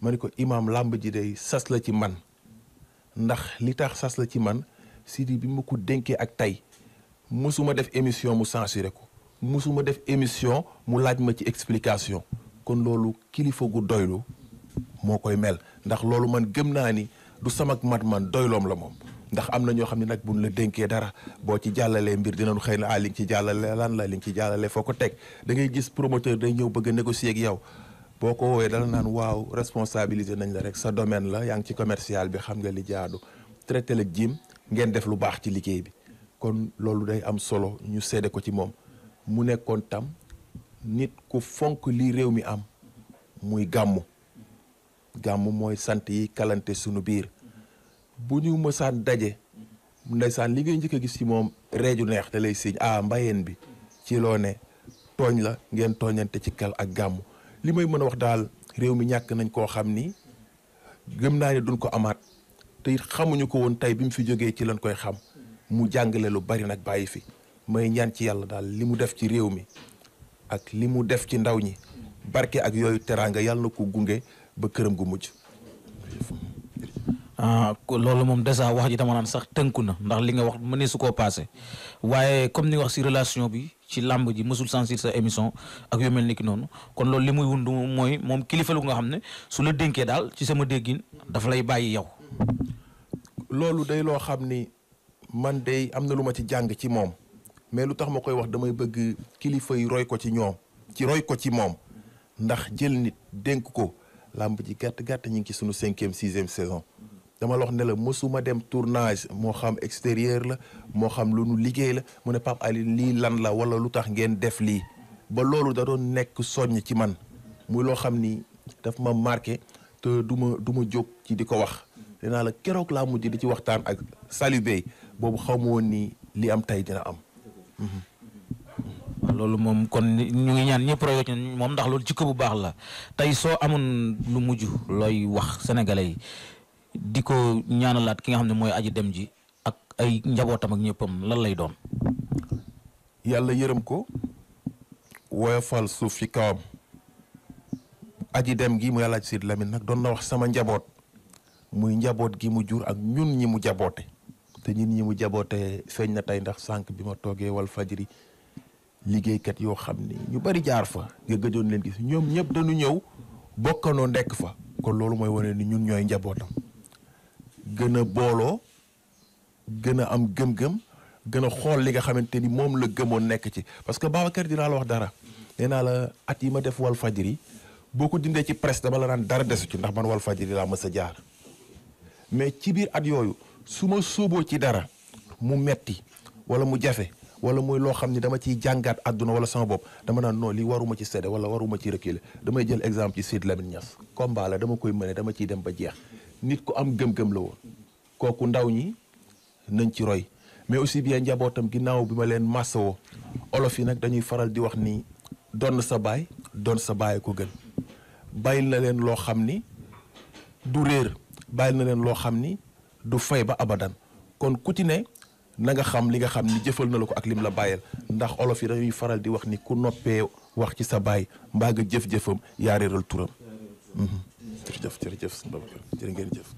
S1: ma ne ko imaam làmb ji day sas la ci man ndax li tax sas la ci man Sidi bi ma ko dénkee ak tey mosuma def émission mu censuré ko mosuma def émission mu laaj ma ci explication kon loolu kilifa gu doylu moo koy mel ndax loolu man gëm naa ni du sama mat man doyloom la moom ndax am na ñoo xam ne nag buñ la dénkee dara boo ci jàllalee mbir dinañ xëy na ah li nga ci jàllale lan la li nga ci jàllale foo ko teg dangay gis promoteur day ñëw bëgg a négocier ak yow boo ko woowee dala naan waaw responsabiliser nañ la rek sa domaine la yaa ngi ci commercial bi xam nga li jaadu traité la jiim ngeen def lu baax ci liggéey bi kon loolu day am solo ñu seede ko ci moom mu nekkoon tam nit ku fonk lii réew mi am muy gàmmu gàmmu mooy sant kalante sunu biir bu ñu mësaan daje ndeysaan li ngay njëkk a gis ci moom reeju neex te lay siñ ah mbayeen bi ci loo ne tooñ la ngeen tooñante ci kal ak gàmmu li may mën a wax daal réew mi ñàkk nañ koo xam ni gëm naa ne duñ ko amaat te xamuñu ko woon tey bi mu fi jógee ci lañ koy xam mu jàngale lu bari nag bàyyi fi may ñaan ci yàlla daal li mu def ci réew mi ak li mu def ci ndaw ñi barke ak yooyu teraanga yàlla ko gunge ba këram gu mujj Ah, loolu moom dèjà wax ji dama naan sax tënku na ndax li nga wax mënee su ko passé waaye comme ni wax si relation bi ci làmb ji mësul sensibiliser sa émission ak yu mel ni ki noonu kon loolu li muy wund mooy moom kilifa lu nga xam ne su la dénkee daal ci sama déggin dafa lay bàyyi yow. loolu day loo xam ni man day am na lu ma ci jàng ci moom mais lu tax ma koy wax damay bëgg kilifa yi roy ko ci ñoom ci roy ko ci moom ndax jël nit dénk ko làmb ji gàtt gàtt ñu ngi ci sunu cinquième sixième saison. dama la wax ne la mësuma dem tournage moo xam extérieur la moo xam lu nu liggéey la mu ne Pape Alioune lii lan la wala lu tax ngeen def lii ba loolu da doon nekk soññ ci man muy loo xam ni daf ma marqué du ma du ma jóg ci di ko wax dinaa la keroog laa mujj di ci waxtaan ak Saliou boobu xaw ma woon ni li am tey dina am. Mhm. loolu moom kon ñu ngi ñaan ñëpp roy moom ndax loolu ci jikko bu baax la tey soo amoon lu mujj looy wax sénégalais yi. di ko ñaanalaat ki nga xam ne mooy aji dem ji ak ay njabootam ak ñëppam lan lay doon. yàlla yërëm ko woyofal suuf yi kawam aji dem gi mu yàlla ci Sidy nag doon na wax sama njaboot muy njaboot gi mu jur ak ñun ñi mu jaboote te ñun ñi mu jaboote feeñ na tey ndax sànq bi ma toogee wal fajiri liggéeykat yoo xam ni ñu bari jaar fa nga gëjoon leen si ñoom ñëpp dañu ñëw bokkandoo ndekk fa kon loolu mooy wane ni ñun ñooy njabootam gën a booloo gën a am gëm-gëm gën a xool li nga xamante ni moom la gëmoon nekk ci parce que Babacar dinaa la wax dara nee naa la at yi ma def wal fajiri boo ko dindee ci presse dama la daan dara desu ci ndax man wal fajiri laa mës jaar mais ci biir at yooyu su ma sóoboo ci dara mu metti wala mu jafe wala muy loo xam ni dama ciy jàngaat àdduna wala sama bopp dama naan non lii waruma ci sedde wala waruma ci reculer damay jël exemple ci Sidy Lamine Niass combat dama koy mëne dama ciy dem ba jeex nit ku am gëm-gëm la woon kooku ndaw ñi nañ ci roy mais aussi bien njabootam ginnaaw bi ma leen massawoo olof yi nag dañuy faral di wax ni donn sa baay donn sa baay ko gën bàyyil na leen loo xam ni du réer bàyyil na leen loo xam ni du fay ba abadan kon ku ne na nga xam li nga xam ni jëfal na la ko ak lim la bàyyeel ndax olof yi dañuy faral di wax ni ku noppee wax ci sa baay mbaa nga jëf-jëfam yaa réeral turam. Mhm. jërëjëf jërëjëf sëñ Babacar jërë ngeen jëf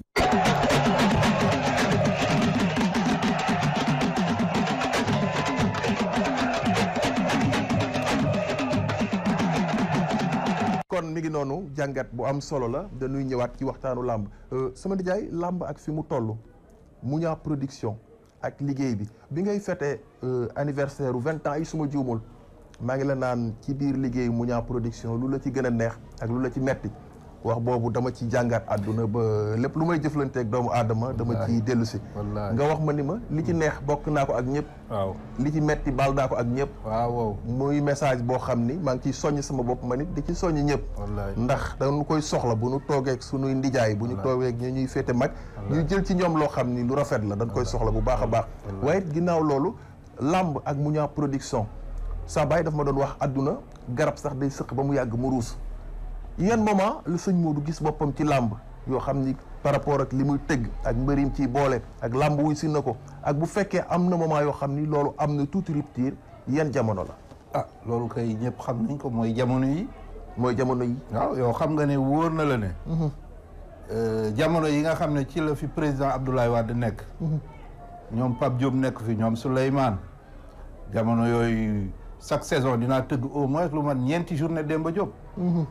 S1: kon mi ngi noonu jàngat bu am solo la dañuy ñëwaat ci waxtaanu làmb euh, sama nijaay làmb ak fi mu toll Mounia production ak liggéey bi bi ngay fêté euh, anniversaire u vingt ans yi suma juumul maa ngi la naan ci biir liggéey muñaa production lu la ci gën a neex ak lu la ci metti wax boobu dama ci jàngaat àdduna ba lépp lu may jëflanteeg doomu aadama dama ci dellu si nga wax ma ni ma li ci neex bokk naa ko ak ñëpp li ci metti baal naa ko ak ñëpp waaw muy message boo xam ni maa ngi ciy soññ sama bopp ma nit di ci soññ ñëpp ndax dañu koy soxla bu ñu toogeeg suñuy ndijaay bu ñu toogeeg ñu ñuy féete mag ñu jël ci ñoom loo xam ni lu rafet la dañ koy soxla bu baax a baax waaye ginnaaw loolu làmb ak Mouniang Production saa baay daf ma doon wax àdduna garab sax day sëq ba mu yàgg mu ruus yan moment la moo Modou gis boppam ci làmb yoo xam ni par rapport ak li muy tëgg ak mbërim ci boole ak làmb wuy si na ko ak bu fekkee am na
S2: moment yoo xam ni loolu am na tuuti rupture yan jamono la. ah loolu kay ñëpp xam nañ ko mooy jamono yi. mooy jamono yi. waaw yow xam nga ne wóor na la ne. Mhm. Euh, jamono yi nga xam ne ci la fi président Abdoulaye Wade nekk. Mhm. ñoom Pape Diop nekk fi ñoom Souleymane jamono yooyu chaque saison dinaa tëgg au moins lu man ñeenti journée Demba Diop. Mhm.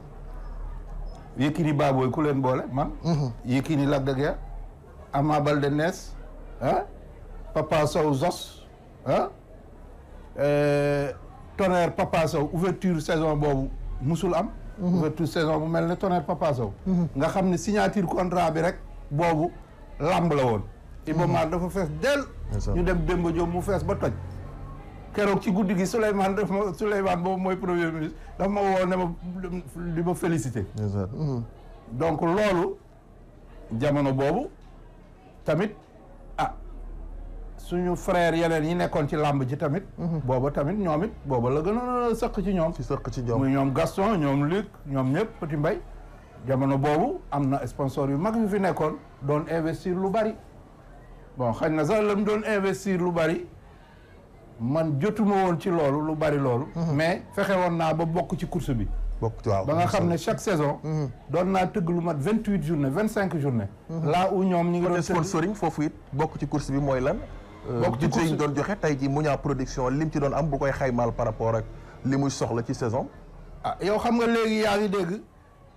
S2: Yékini Baboy ku leen boole man. Mhm. Yékini Lac de Guiers. Ama Baldé Nees ah. Papa Zos ah. Euh, tonnerre ouverture saison boobu musul am. Mhm. ouverture saison bu mel ne Tonnerre Papa Sow. Mhm. nga xam ne signature contrat bi rek boobu lamb la woon. Ibomar dafa fees del ñu dem Demba Diop mu fees ba toj. keroog ci guddi gi Souleymane daf ma Souleymane boobu mooy premier ministre daf ma woo ne ma di ma félicité mm-hmm. donc loolu jamono boobu tamit ah suñu frère yeneen yi nekkoon ci làmb ji tamit mm-hmm. booba tamit ñoom it booba la gën a sëq ci ñoom ci sëq ci ñoom muy ñoom Gaston ñoom Luc ñoom ñëpp Petit Mbaye jamono boobu am na sponsor yu mag yu fi nekkoon doon investir lu bari bon xam na sax la mu doon investir lu bari man jotuma woon ci loolu lu bari loolu. Mhm. mais fexe woon naa ba bokk ci course bi. bokk ci waaw ba nga xam ne chaque saison. Mhm. doon naa tëgg lu mat vingt huit journée vingt cinq journée. Mhm. là où ñoom ñu ngi doon sponsoring foofu it bokk ci course bi mooy lan. Euh, bokk ci course
S1: doon joxe tey jii Mouniang production lim ci doon am bu koy xaymaal par rapport ak li muy soxla ci saison.
S2: ah yow xam nga léegi yaa ngi dégg.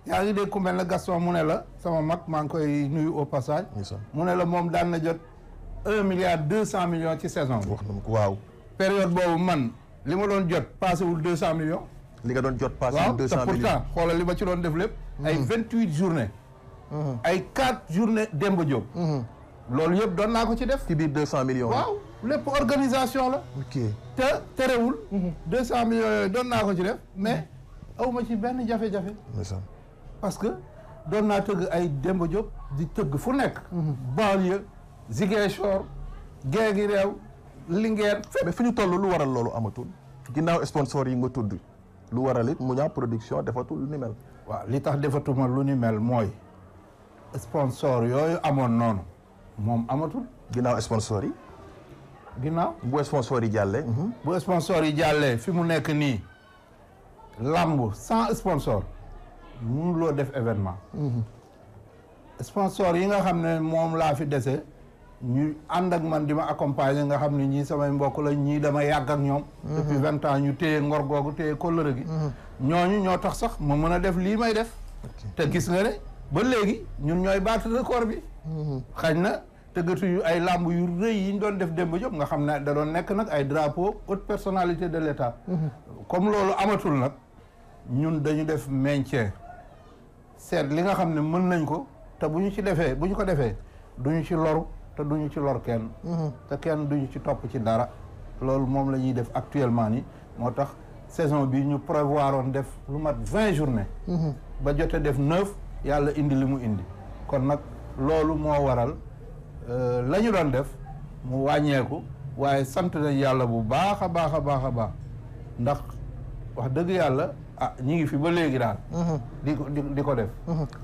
S2: yaa ngi dégg ku mel ne Gaston mu ne la sama mag maa ngi koy nuyu au passage. mu ne la moom daan na jot un milliard deux cent millions ci saison wax na ko waaw. période boobu man li ma doon jot passé wul deux cent millions. li nga doon jot passé wul deux cent millions waaw xoolal li ma ci doon def lépp. Hmm. ay vingt huit journées. Hmm. ay quatre journées Demba Diop. Hmm. loolu yëpp doon naa ko ci def. ci biir deux cent millions waaw lépp organisation la. ok te terewul. doon naa ko ci def mais awma ci benn jafe-jafe. parce que doon naa tëgg ay Demba Diop di tëgg fu nekk. banlieue Ziguinchor Guinguinéo.
S1: Linguère. mais fi ñu toll lu waral loolu amatul ginnaaw sponsor yi nga tudd lu waral it mu
S2: ñaaw production defatul lu ni mel. waaw li tax defatuma lu ni mel mooy sponsor yooyu amoon noonu moom amatul. ginnaaw sponsor yi. ginnaaw bu sponsor yi jàllee. Mhm. bu yi jàllee fi mu nekk nii lamb sans sponsor loo def événement. Mhm. sponsor yi nga xam ne moom laa fi dese. ñu ànd ak man di ma accompagner nga xam ne ñii samay mbokk la ñii dama yàgg ak ñoom mm-hmm. depuis vingt ans ñu téye ngor googu téye kóllëre gi mm-hmm. ñooñu ñoo tax sax ma mën a def lii may def te gis nga ne ba léegi ñun ñooy baat record bi mm-hmm. xañ na tëggatu yu ay làmb yu rëy yi ñu doon def démb jóp nga xam ne da doon nekk nag ay drapeau haute personalité de l'État comme loolu amatul nag ñun dañu def maintien seet li nga xam ne mën nañ ko te bu ñu ci defee bu ñu ko defee duñu ci loru te duñu ci lor kenn mm-hmm. te kenn duñu ci topp ci dara loolu moom la ñuy def actuellement ni moo tax saison bi ñu prévoir oon def lu mat vingt journée mm-hmm. ba jote def neuf yàlla indi li mu indi kon nag loolu moo waral euh, la ñu doon def mu wàññeeku waaye sant nañ yàlla bu baax a baax a baax a baax ndax wax dëgg yàlla ah ñi ngi fi ba léegi daal mm-hmm. di ko di ko def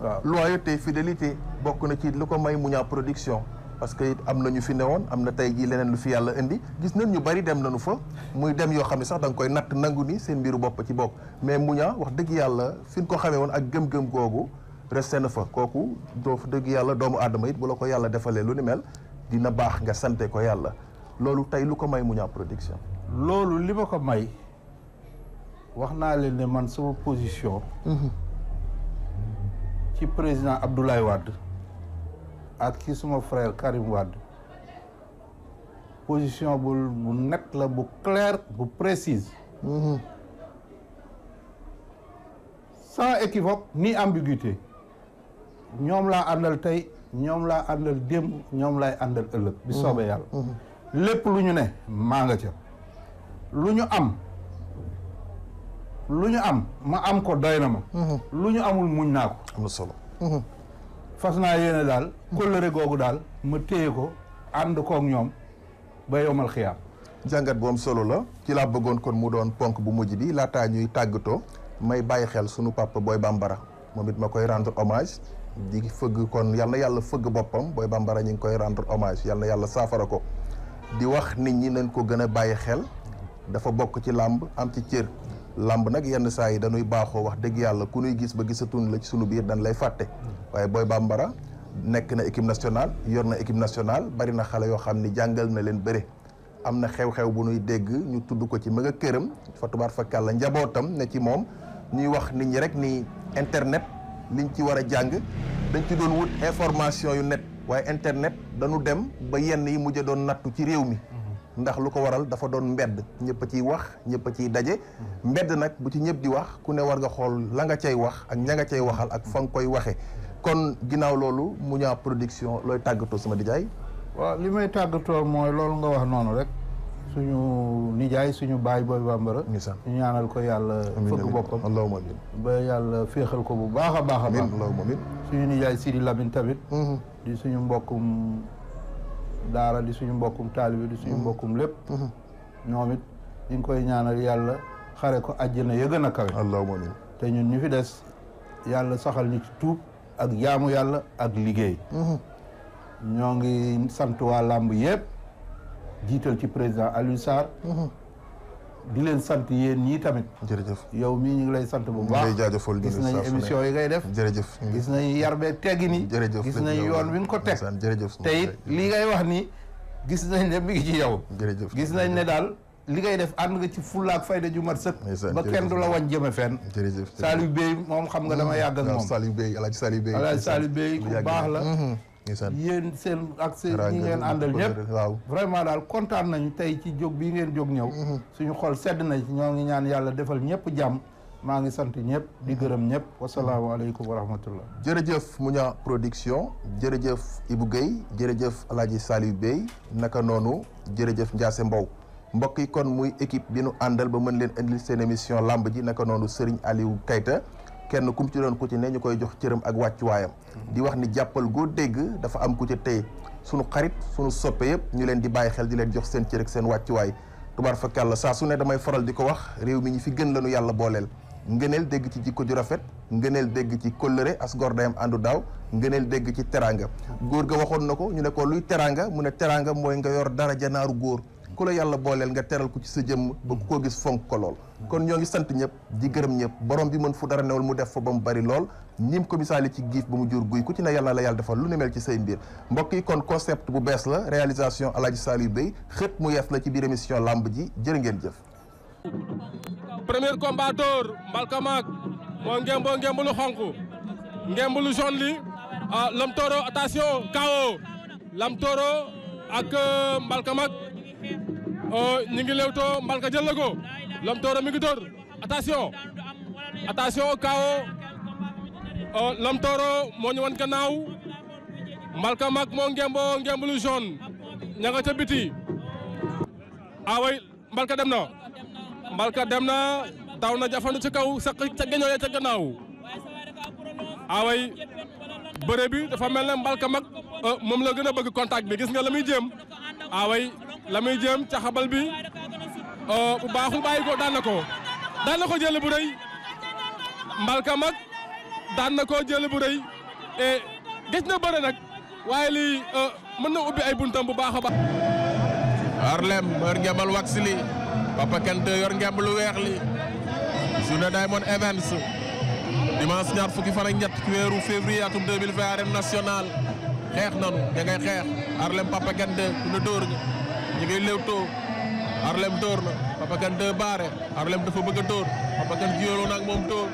S2: waaw loyauté fidélité bokk
S1: na ci lu ko may muñaa Production parce que it am na ñu fi woon am na tey jii leneen lu fi yàlla indi gis nañ ñu bari dem nañu fa muy dem yoo xam ne sax danga koy natt nangu ni seen mbiru bopp ci bopp mais Mounia wax dëgg yàlla fi ko xamee woon ak gëm-gëm googu resté na fa kooku doo fa dëgg yàlla doomu aadama it bu la ko yàlla defalee lu ni mel dina baax nga sante ko yàlla loolu tey lu ko
S2: may Mounia Production. loolu li ma ko may wax naa leen ne man sama position. Mhm. ci président Abdoulaye Wade. ak ci suma frère Karim Wade position bu bu net la bu claire bu précise mhm. sans équivoque ni ambiguïté ñoom laa àndal tey ñoom laa àndal démb ñoom laay àndal ëllëg bi mhm. soobee yàlla mhm. lépp lu ñu ne maa nga ca lu ñu am lu ñu am ma am ko doy na ma lu ñu amul muñ naa ko fas naa yéene daal kóllëre googu daal ma téye ko ànd koog ñoom ba yomal xiyaam
S1: jàngat bu am solo la ci laa bëggoon kon mu doon ponk bu mujj bi laataa ñuy tàggatoo may bàyyi xel sunu papa booy Bambara moom it ma koy rendre hommage di fëgg kon yàlla yàlla fëgg boppam booy Bambara ñu ngi koy rendre hommage yal yàlla saafara ko di wax nit ñi nañ ko gën a bàyyi xel dafa bokk ci làmb am ci cër làmb nag yenn saa yi dañuy baaxoo wax dëgg yàlla ku ñuy gis ba gisatuñ la ci sunu biir dañ lay fàtte waaye booy bàmbara nekk na équipe nationale yor na équipe nationale bari na xale yoo xam ni jàngal na leen bëre am na xew-xew bu nuy dégg ñu tudd ko ci mag a këram fa tubaar fa kàlla njabootam ne ci moom ñuy wax nit ñi rek nii internet liñ ci war a jàng dañ ci doon wut information yu net waaye internet dañu dem ba yenn yi mujj doon nattu ci réew mi ndax lu ko waral dafa doon mbedd ñëpp ciy wax ñëpp a ciy daje mbedd nag bu ci ñëpp di wax ku ne war nga xool la nga cay wax ak ña nga cay waxal ak fa koy waxe kon ginnaaw loolu mu ñaa production looy tàggatoo sama nijaay
S2: waaw li may tàggatoo mooy loolu nga wax noonu rek suñu nijaay suñu baay booy bambara ñu ñaanal ko yàlla fëgg boppam allahumma ba yàlla féexal ko bu baax a baax a baax allahumma amin suñu nijaay Sidi Lamine tamit mm-hmm. di suñu mbokkum daara di suñu mbokkum taalibe di suñu mm-hmm. mbokkum lépp mm-hmm. ñoom it ñu ngi koy ñaanal yàlla xare ko àjjana ya gën a kawe te ñun ñu fi des yàlla saxal ñu ci tuub ak jaamu yàlla ak liggéey mm-hmm. ñoo ngi sant waa làmb yëpp jiital ci président Aliou di leen sant yéen ñii tamit. jërëjëf yow mii ñu ngi lay sant bu baax. ñu gis nañu émission yi ngay def. jërëjëf gis nañu yar beeg teggi ni jërëjëf gis nañu yoon wi nga ko teg. jërëjëf te lii ngay wax ni gis nañ ne mi ci yow. jërëjëf gis nañ ne daal li ngay def ànd nga ci fulla ak fayda ju mat sëkk. ba kenn du la wañ jëme fenn. jërëjëf Saliou Bey moom xam nga dama yàgg ak hmm. moom. Saliou Bey Alaaji Saliou Bey. Alaaji Bey ku baax la hmm. yéen seen ak seen ñi ngeen àndal ñëpp waaw vraiment daal kontaan nañ tey ci jóg bi ngeen jóg ñëw mm-hmm. suñu xol sedd na ci ñoo ngi ñaan yàlla defal ñëpp jàmm maa ngi sant ñëpp di mm-hmm. gërëm ñëpp wasalaamaaleykum wa rahmatullah jërëjëf Mouniang production
S1: jërëjëf ibu Guèye jërëjëf Alaaji Saliou Bey naka noonu jërëjëf Ndiasse Mbow mbokk yi kon muy équipe bi nu àndal ba mën leen indil seen émission làmb ji naka noonu sëriñ Aliou Kayta kenn ku mu ci loon ku ci ne ñu koy jox cëram ak wàccuwaayam di wax ni jàppal goo dégg dafa am ku ci tey sunu xarit sunu soppe yëpp ñu leen di bàyyi xel di leen jox seen cër ak seen wàccuwaay tubaar fakkàlla saa su ne damay faral di ko wax réew mi ñu fi gën lañu yàlla booleel ngëneel dégg ci jikko ju rafet ngëneel dégg ci kóllëre as gor dayam àndu daaw ngëneel dégg ci teraanga góor ga waxoon na ko ñu ne ko luy teraanga mu ne teraanga mooy nga yor dara janaaru góor ku la yàlla booleel nga teral ko ci sa jëmm ba ku ko gis fonk ko lool kon ñoo ngi sant ñëpp di gërëm ñëpp borom bi mën fu dara newal mu def fa ba mu bari lool nim ko misaali ci giif ba mu jur guy ku ci ne yàlla la yàlla defal lu ne mel ci say mbir mbokk yi kon concept bu bees la réalisation Alaaji Saliou Bey xët mu yees la ci biir émission làmb ji jërë ngeen jëf
S5: premier combatteur mbalkamaak moo ngemboo ngemb lu xonk ngemb lu jaune li ah, lam o ñu ngi lewtoo Mbalka jël na ko Lom mi ngi dóor attention attention kawo Lom Toro moo ñu wan gannaaw Mbalka mag moo ngemboo ngembulu jaune ña nga ca biti away ah, Mbalka dem Mbalka dem na daw na jafandu ci kaw sa ca geñoo ya ca gannaaw away ah, bëre bi dafa mel ne Mbalka mag euh, moom la gën a bëgg contact bi gis nga la muy away ah, la muy ca xabal bi oh, bu baaxul bàyyi ko daan na ko daan na ko jël bu rëy mbalka mag daan na ko jël bu rëy et gëj na bëre nag
S4: waaye lii e, mën na ubbi ay buntam bu baax a baax. Arlem yor ngembal li Papa Kante yor ngemb lu weex li journée Diamond Events dimanche ñaar fukki fan ak ñett ci weeru février atum 2020 arène nationale xeex nanu da ngay xeex Arlem Papa Kante ku ne dóor nga ñu ngi lewtoo Arlem dóor na Papa Kane 2 baare Arlem dafa bëgg a dóor Papa Kane jiyoloo na ak moom dóor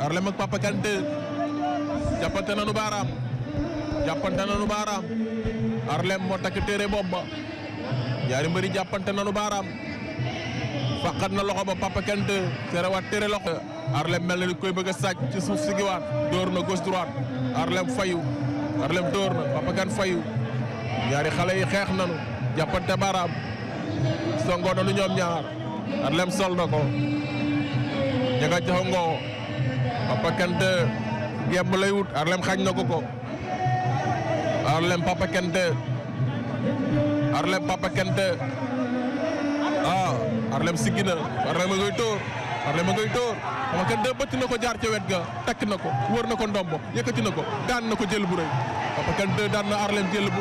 S4: Arlem ak Papa Kane 2 baaraam jàppante na nu baaraam Arlem moo takk téere bopp ba ñaari mbëri jàppante na nu baaraam faqat na loxo ba Papa Kane 2 terewaat téere loxo Arlem mel na ni koy bëgg a sàcc ci suuf si giwaat dóor na gauche droite Arlem fayu Arlem dóor na Papa fayu ñaari xale yi xeex nanu jàppante baaraam songoo na lu ñoom ñaar at sol na ko ña nga jox lay wut ar lem xañ na ko ko ar lem Papa Kante ar lem Papa Kante ah, na ar lem a ngay tóor ar lem tóor Papa Kante bëtt na ko jaar ca wet ga takk na ko wër na ko bo yëkkati na ko daan na ko jël bu rëy Papa daan na jël bu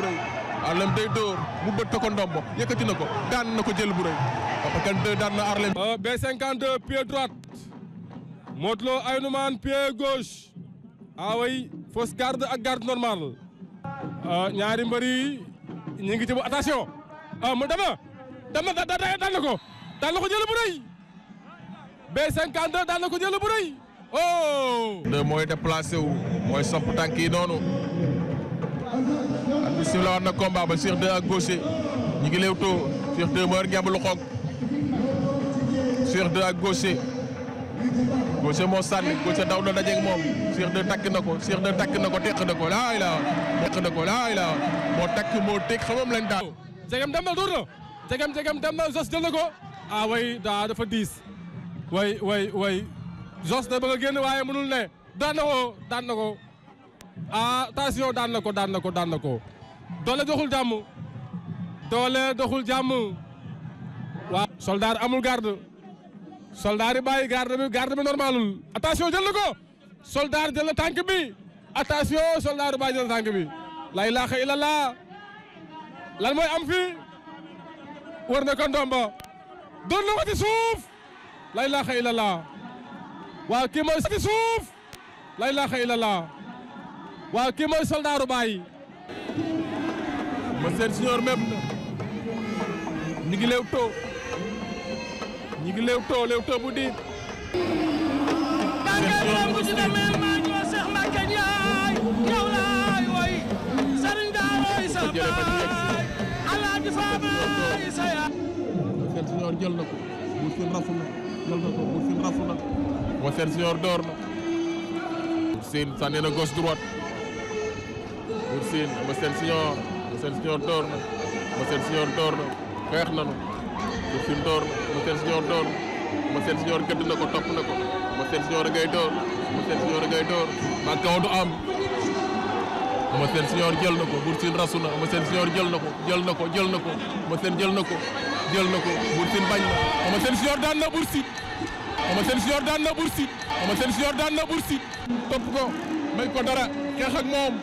S4: Arlem day dóor mu bëtt ko ndombo yëkkati na ko daan na ko jël bu rëy Papa Kane 2 daan na Arlem. Euh, b droite Modou Lo
S5: Aynoumane pied gauche away ah fausse garde ak garde normale. Euh, ñaari mbër yi ñu ngi ci bu attention ah dama dama daan na ko daan na ko jël bu rëy b daan na ko jël bu rëy oh.
S4: mooy déplacé wu mooy sopp tànk yi noonu. bi si la war na combat ba Cheikh 2 ak Gaucher ñu ngi too Cheikh 2 moo yor ngemb lu xonk ak Gaucher Gaucher moo sànni Gaucher daw na dajeeg moom Cheikh 2 takk na ko Cheikh 2 takk na ko teq na ko laay laaw teq na ko laay laaw moo takk moo teq xamam lañ daal. jegem dem na dóor na jegem jegem dem na Jos
S5: jël na ko ah way daa dafa diis way way way Jos da bëgg génn waaye mënul ne daan na ko daan na ko ah attention daan ko daan na ko daan na ko doole doxul jàmm doole doxul jàmm waaw soldat amul garde soldat yi bàyyi garde bi garde bi normalul attention jël na ko soldat jël na tànk bi attention soldat yi bàyyi la ilaha illallah lan mooy am fi wër na ko ndomba doon na ko suuf la ilaha illallah waaw kii mooy ci
S4: Eumeu Sène Junior mépp na ñi ngi leew too ñi ngi leew too leew too bu diib Sène Junior jël na ko Bour Sine rafu na jël na ko Bour Sine na Eumeu Sène Junior door na Bour Sine sànni na gauche droite Bour Sine Eumeu Sène Monsieur le Signor door na Monsieur le Signor door na xeex nanu Dioufine door na Monsieur le Signor door na Monsieur le Signor gëdd na ko topp na ko Monsieur le Signor ngay door Monsieur le Signor ngay door maa kaw du am Monsieur le Signor jël na ko Bour Sine rasu na Monsieur le Signor jël na ko jël na ko jël na ko Monsieur jël na ko jël na ko Bour Sine bañ na Monsieur le Signor daan na Bour Sine Monsieur le Signor daan na Bour Sine Monsieur le Signor daan na Bour Sine topp ko may ko dara xeex ak moom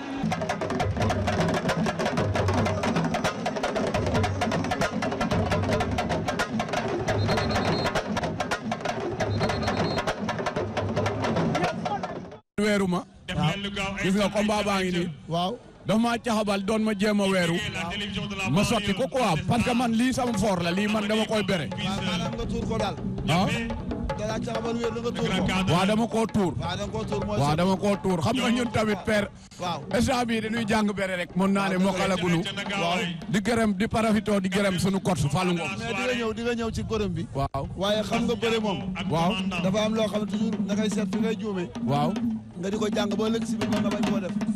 S4: weeru ma. gis nga combat baa ngi nii. waaw dafa maa caxabal doon ma jéem a weeru. ma sotti ko quoi parce que man lii sama foor la lii man dama koy bere. waaw
S1: laaj sax ban wér na nga tuur ko
S4: waaw dama koo tuur
S1: waaw dama koo tuur mooy waaw dama
S4: koo tuur xam nga ñun tamit père waaw instant bii dañuy jàng bere rek mën
S1: naa ne mokkalagunu waaw di gërëm di parafito di gërëm suñu kot su fàllu ngom mais di nga ñëw di nga ñëw ci gërëm bi waaw waaye xam nga bëre moom waaw dafa am loo xam ne toujours da ngay seet fi ngay juume waaw nga di ko jàng ba lëg si bi def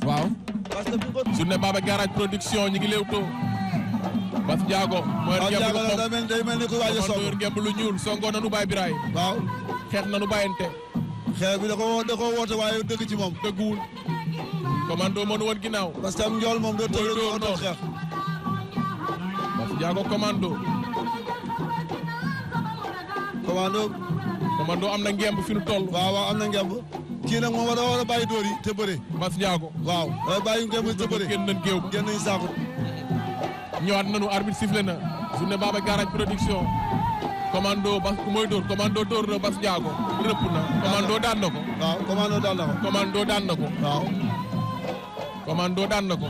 S1: waaw parce que journée Baba
S4: production ñi ngi Leewtoo Bas Diago mooy gemb lu xonk day mel ni ku waaj a waaw xeex na nu bàyyante. xeex da koo woote waaye dëgg ci moom. dëgguwul commando mënu woon ginnaaw. parce que am njool moom doo tëj doo xeex. Bas Diago commando. am na ngemb fi nu toll. waaw am na ngemb. kii nag moom war a war a bàyyi dóor yi te bëre. Bas Diago waaw. waaye bàyyi ngemb te bëre génn nañ géew génn nañ saako. ñëwaat nañu arbitre sifflé na. journée Baba Garage commando bas ku mooy dóor commando dóor na bas njaago rëpp na commando daan na ko waaw commando daan na ko commando daan na ko waaw commando daan na ko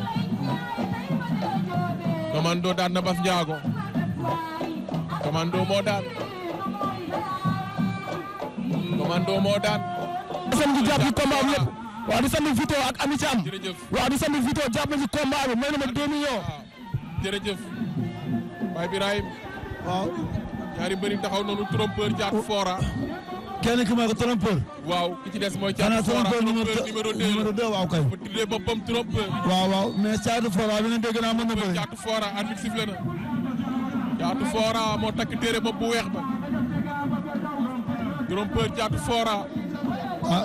S4: commando daan na bas njaago commando moo daan commando moo daan sam di jàpp combat bi lépp waaw di sant Vito ak ami Thiam waaw di sant Vito jàpp na ci combat bi may na ma deux millions jërëjëf Baye Birahim waaw ñaari mbëri taxaw noonu trompeur jàpp oh. foora.
S1: kenn ki mooy ko trompeur.
S4: waaw ki ci des mooy. jàpp foora trompeur numéro deux numéro deux waaw kay. bu tuddee boppam trompeur. waaw waaw mais caatu foora bi nga dégg naa mën na bëri. caatu foora arbitre sifflé na. caatu foora moo takk téere bopp bu weex ba. trompeur caatu foora. ah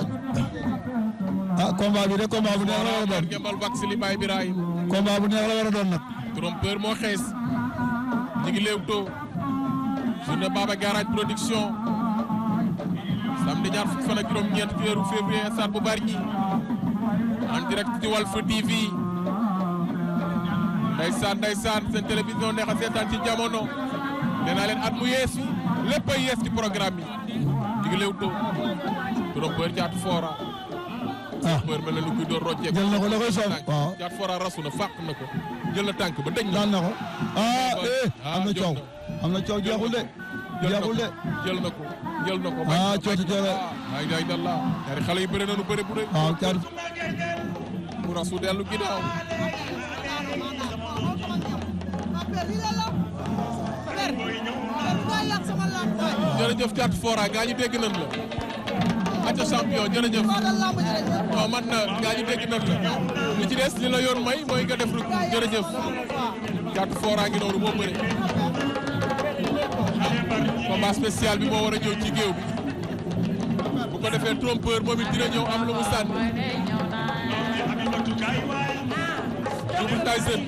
S4: ah combat bi de combat bu neex la war a doon. ngembal wax li baay bi raay. combat bu neex la war a doon nag. trompeur moo xees. ñu ngi léew too. journée Baba Garage production samedi ñaar fukki fan juróom-ñeent ci weeru février stade bu Bargny en direct ci Walf TV ndeysaan ndeysaan seen télévision neex a seetaan ci jamono nee naa leen at mu yeesu lépp ay yees ci programme yi digg Leewtoo trompeur Thiatou Fora ah mel na lu koy rocceeku. jël na ko da koy soof rasu na fàq na ko jël na tànk ba dëñ na. ko am na coow jeexul de. jeexul de jël na ko jël na ko. ah cootu coono. waaw yaay dalla ñaari xale yi bëre nañu bëre bu dee. waaw caal. mu rasu dellu ginnaaw. jërëjëf Thiatou Fora gaa ñu dégg nañ la. acca champion jërëjëf. waaw man gaa ñu dégg nañ la. li ci des li la yoon may mooy nga def rek jërëjëf. Thiatou Fora ngi noonu boo bëree. combat spécial bi moo war a ci géew bi bu ko defee trompeur moom it dina ñëw am lu mu sànni Double
S5: Tyson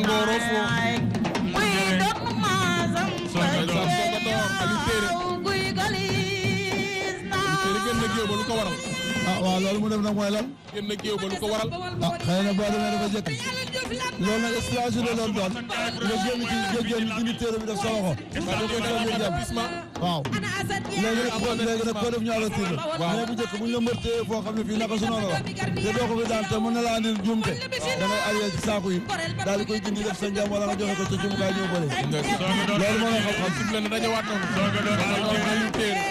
S5: Ngoro fo
S4: waaw loolu mu def nag mooy lan. génn na
S1: géew ba lu ko waral. ah xëy na boo demee dafa jëkk loolu nag stage la doon doon nga
S2: génn ci nga génn ci biir téere bi def sa loxo. waaw da koy teel a jëm waaw. léegi nag léegi nag koo def ñu avertir la. waaw mais bu njëkk bu ñu la mërtee foo xam ne fii naka su noonu la. te doo ko fi daan te mën na laa andil juumte. da ngay allié ci saako yi daal di koy gindi def sa njàm wala nga joxe
S1: ko ca jumtukaay ñëw bële. loolu moo la xam-xam. sib la ne dajawaat noonu. soo ko doon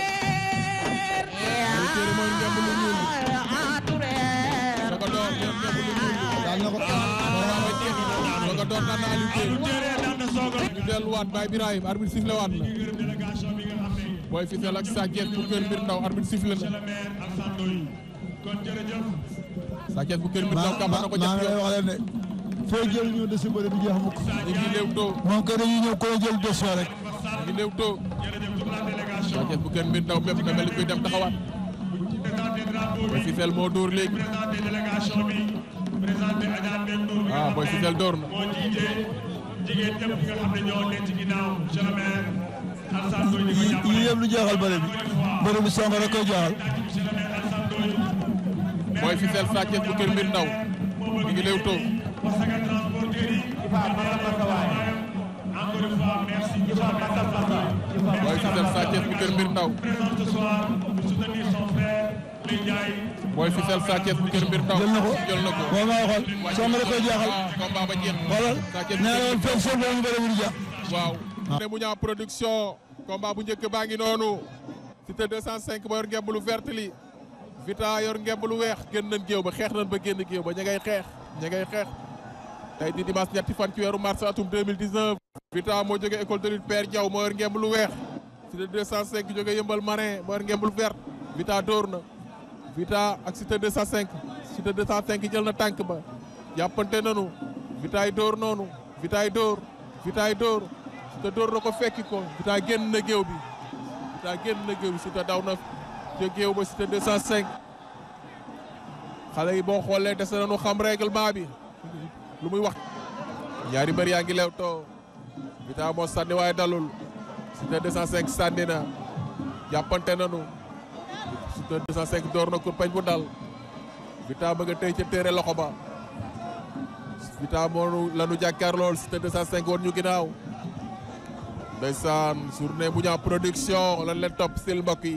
S4: bañ na ko. waaw nga door daan na Aliou Gueye. ñu delluwaat Baye Birahim arbitre sifflé waat na. booy Fissel ak Sa Thiès bu kër mbir ndaw arbitre sifflé na. Sa Thiès bu kër mbir ndaw kàmb na ko ñetti yoon. maa maa maa foo jël ñu des mbër bi jeex mukk. ñu ngi léew too. moom kër dañuy ñëw koo jël des fois rek. ñu ngi léew too. Sa Thiès bu kër mbir ndaw bépp na mel ni kuy dem taxawaat. booy Fissel moo dóor léegi. présenté Adja Mbène Ndour bi nga xam lu jeexal bëri bi bëri bu song rek koy jeexal mooy Fissel Sa bu Kër Mbir Ndaw mi ngi léew toog mooy Fissel Sa bu Kër Mbir Ndaw booy Fissel Sa Thiès bu kër mbir taw jël ah, waaw ah. ne mu ñaa production combat bu njëkk baa ngi noonu cité 205 ba yor ngemb lu verte li vita yor ngemb lu weex génn nañ géew ba xeex nañ ba génn géew ba ña ngay xeex ña ngay xeex tey di dimanche ñetti fan ci weeru mars atum 2019 vita moo jóge école de lutte Père Diaw moo yor ngemb lu weex cité 205 jóge yëmbal marin moo yor ngemb lu verte vita dóor Vita ak Cité 205 Cité 205 jël na tànk ba jàppante nañu Vita yi dóor noonu Vita yi dóor Vita yi dóor Cité dóor na ko fekki ko Vita génn na géew bi Vita génn na géew bi Cité daw na ca géew ba Cité 205 xale yi boo xoolee dese nañu xam règlement bi lu muy wax ñaari bër yaa ngi leew too moo sànni waaye dalul Cité 205 sànni na jàppante nañu Soutane 205 door na kurpañ bu dal Vita bëgg a tey ca téere loxo ba Vita moo la nu jàkkaar lool Soutane 205 woon ñu ginnaaw ndeysaan journée bu ñaa production lan leen topp sil mbokk yi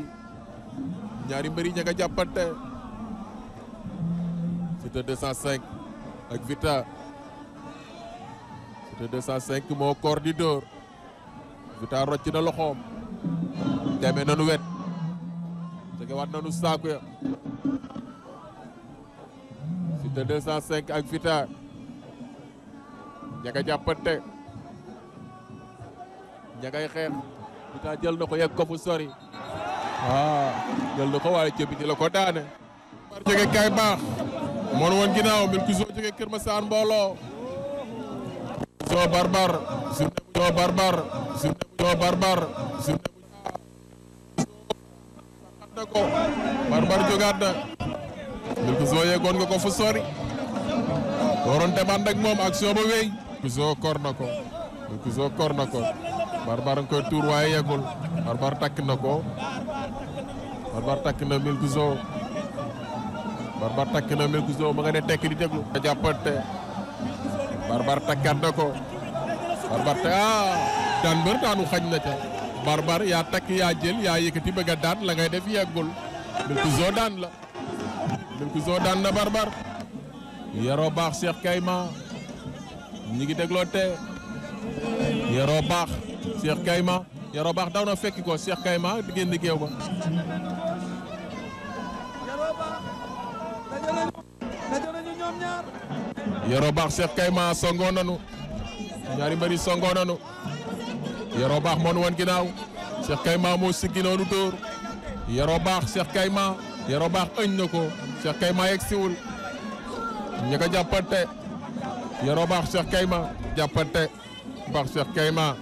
S4: ñaari mbëri ña nga jàppante Soutane 205 ak Vita Soutane 205 moo koor di dóor rocc na loxoom demee nanu wet jege waat nañu saako ya Siteu 205 ak Vita ña nga jàppante ña ngay xeex Vita jël na ko ko fu sori ah jël na ko waaye jëbi di la ko daane. par jege kay baax moon woon ginnaaw Milkzo jege Kër Masar mbooloo. Milkzo barbar journée bu Barbar journée bu Barbar journée na ko barbar jógaat na Bulkiso yeegoon nga ko fu sori waroon dem ànd ak moom action ba wéy Bulkiso kor na ko Bulkiso kor na ko barbar nga tuur waaye yeggul barbar takk na ko barbar takk na Bulkiso barbar takk na Bulkiso ma nga ne tekk di déglu a jàppante barbar takkaat na ko barbar te ah daan mbër daanu xañ na ca barbar yaa takk yaa jël yaa yëkkati bëgg a daan la ngay def yeggul Milkzo daan la Milkzo daan na barbar yaroo baax Cheikh Kayma ñi ngi dégloo yaroo baax Cheikh Kayma yaroo baax daw na fekki ko Cheikh Kayma di génn géew ba yaroo baax Cheikh Kayma songoo nanu ñaari mbari songoo Yoro Baax moo ñu woon ginnaaw kaymaa moo siggi noonu dóor Yoro Baax Cheikh Kayma Yoro Baax ëñ na ko Cheikh Kayma ñi ko jàppante Yoro Baax Cheikh Kayma jàppante Baax Cheikh Kayma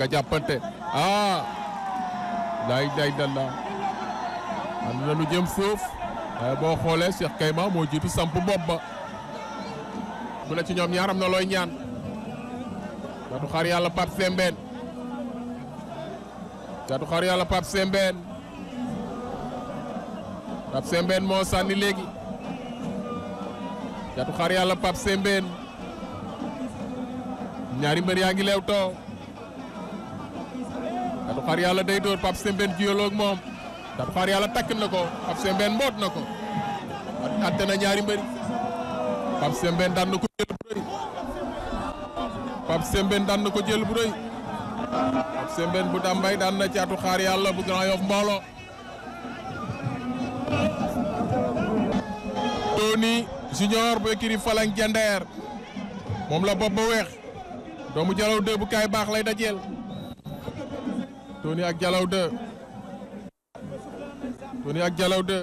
S4: ko jàppante ah day day dalla am na lu jëm suuf waaye boo xoolee Cheikh Kayma moo jiitu samp bopp ba bu ne ci ñoom ñaar am na looy ñaan catu xar yàlla pap sembeen catu xar pap sembeen moo sànni léegi catu xar yàlla pap sembeen ñaari mbër ngi leew too catu xar day dóor pap sembeen jiyaloo moom catu xar takk na ko pap sembeen mboot na ko atte na ñaari pap sembeen daan na ko ab sembeen daan na ko jël bu rëy ab sembeen bu dambay daan na caatu xaar yàlla bu Grand Yoff mbooloo Tony Junior bu écurie Falang Jandeer moom la bopp ba weex doomu jalaw dë bu kaay baax lay dajeel Tony ak jalaw dë Tony ak jalaw dë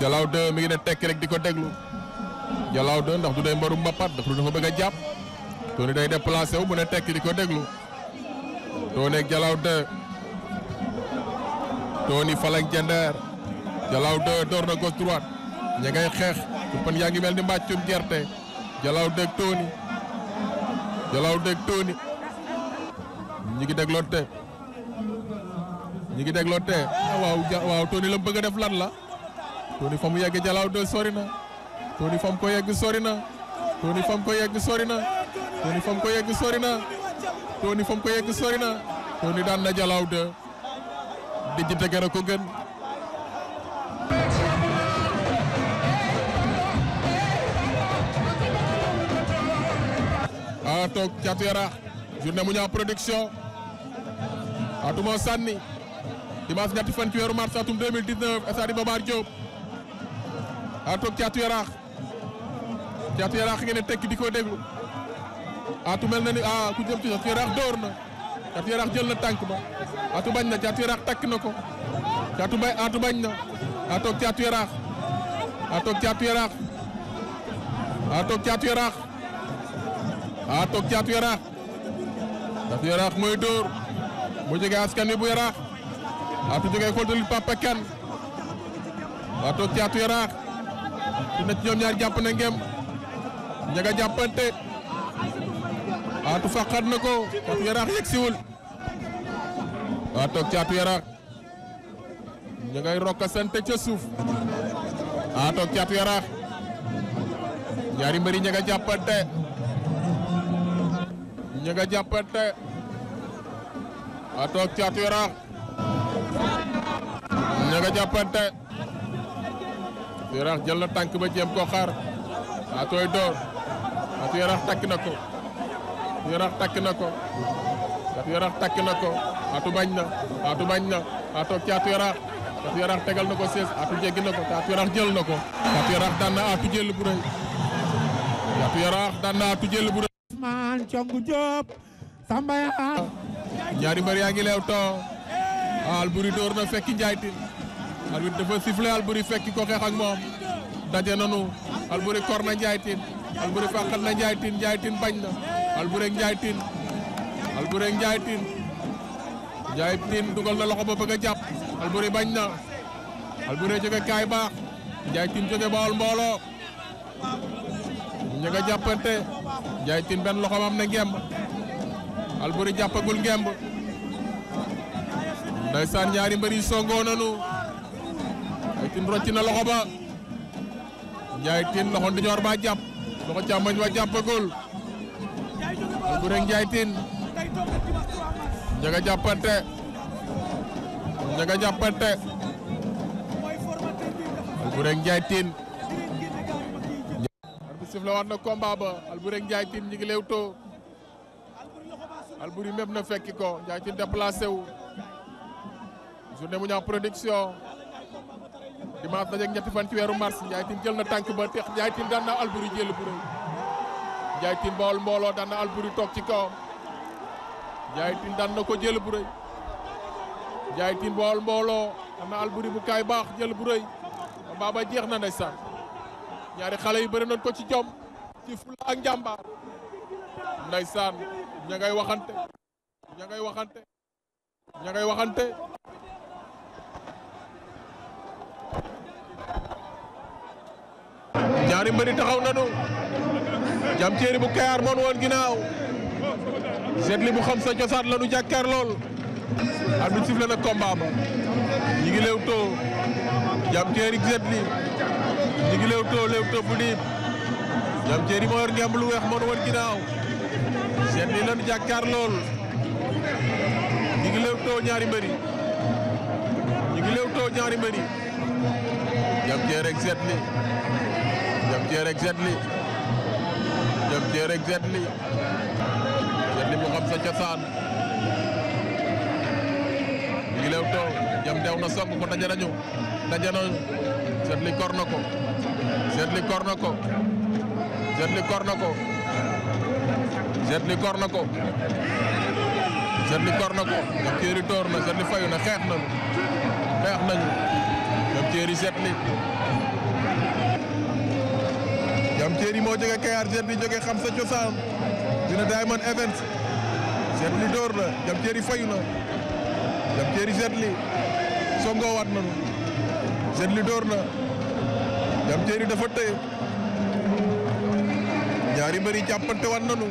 S4: Jalaaw 2 mi ngi ne tekki rek di ko déglu Jalaaw 2 ndax du day mbaru mbapat ndax du dafa bëgg a jàpp Tony day déplacé wu mu ne tekki di ko déglu Tony ak Jalaaw 2 Tony Falak Jandeer Jalaaw 2 door na gauche droite ña ngay xeex cuppan yaa ngi mel ni mbàccum gerte Jalaaw 2 ak Tony Jalaaw 2 ak ñi ngi dégloo te ngi dégloo te ah, waaw waaw la bëgg a def lan la Tony fa mu yegg Dialaw 2 sori na Tony fa mu ko yegg sori na Tony fa ko yegg sori na Tony fa ko yegg sori na Tony fa mu ko yegg sori na Tony daan na Dialaw 2 dijj dëgër a ko gën a toog Caatu Yaraax journée mu ñaa production atuma sànni dimanche ñetti fan ci mars atum 2019 stade Iba Mar Diop Aatu Caatu Yaraax Caatu Yaraax ngeen tekki di ko déglu Aatu mel na ni ah ku jëm Caatu Yaraax dóor na Caatu Yaraax jël na tànk ba Aatu bañ na Caatu Yaraax takk na ko Caatu bay Aatu bañ na Aatu Caatu Yaraax Aatu Caatu Yaraax Aatu Caatu Yaraax Aatu dóor mu jógee askan bu Yaraax Aatu jógee école de lutte Papa Caatu Yaraax ku nekk ñoom ñaar jàpp na ngem njaga jàppante Fatou faqat na ko Caatu Yaraax yegsiwul waa toog Caatu Yaraax ña ngay rokka sante ca suuf waa toog Caatu Yaraax ñaari mbëri ña nga jàppante ña nga jàppante waa toog Caatu Yaraax ña jàppante Yarax jël na tànk ba jéem koo xaar Faatooy door Faatu Yarax takk na ko Yarax takk na ko Faatu Yarax takk na ko Faatu bañ na Faatu bañ na Faatu ak Caatu Yarax Caatu Yarax tegal na ko sees Faatu jéggi na ko Caatu Yarax jël na ko Caatu Yarax daan na Faatu jël bu rëy Caatu Yarax daan na Faatu jël bu rëy
S5: Ousmane Congu Diop Samba Yaar
S4: ñaari mbër yaa ngi leew too Alburi door na fekki njaaytin arbitre dafa sifflé Alboury fekki ko xeex ak moom daje nanu Alboury kor na Ndiaye Tine Alboury fàqat na Ndiaye Tine Ndiaye Tine bañ na Alboury Ndiaye Tine Alboury Ndiaye Tine Ndiaye Tine dugal na loxo ba bëgg a jàpp Alboury bañ na Alboury jóge kaay baax Ndiaye Tine jóge Bawol mbooloo ñu nga jàppante Ndiaye Tine benn loxo am na ngemb Alboury jàppagul ngemb ndaysaan ñaari mbër yi nanu tin rocc na loxo ba Ndiaye tin loxo ndijoor ba jàpp loxo càmmoñ ba jàppagul bu rek Ndiaye tin njaga jàppante njaga jàppante bu rek Ndiaye tin sif la waat na combat ba Alboury Ndiaye Tine ñi ngi leew too Alboury mépp na fekki ko Ndiaye Tine déplacé wu journée mu ñaax production dimanche dajeeg ñetti fan ci weeru mars Ndiaye jël na tànk ba teex Ndiaye Tine daan na Alboury jël bu rëy Ndiaye Tine Bawol mbooloo daan na Alboury toog ci kawam Ndiaye daan na ko jël bu rëy Bawol mbooloo daan na Alboury bu kaay baax jël bu rëy ba ba jeex na ndeysaan ñaari xale yi bëri nañ ko ci jom ci fula ak njàmbaar ndeysaan ña ngay waxante ña ngay waxante ña ngay waxante ñaari mbëri taxaw nañu jam teeri bu kayaar moon woon ginnaaw Zetly bu xam sa cosaan la nu jàkkaar lool at bi sifle na combat ba ñi ngi leew too jam teeri Zetly ñi ngi leew too leew too bu diib jam teeri moo yor ngemb lu weex moon woon ginnaaw Zetly la nu jàkkaar lool ñi ngi leew too ñaari mbëri ñi ngi leew too ñaari mbëri jam teeri ak Zetly Thier ak Zetli Diop Thier ak mu xam sa cosaan ngi leew too jam deew na song ko daje nañu daje na Zetli kor na ko Zetli kor na ko Zetli kor na ko Zetli na ko kor na ko Diop Thier door na Zetli fayu na xeex nañu xeex nañu Diop Thierry moo jóge Kayar Jet di jóge xam sa cosaan dina Diamond Events Jet li dóor la Diam Thierry fayu na Diam li songoowaat nanu Jet dafa tëye ñaari jàppante waat nanu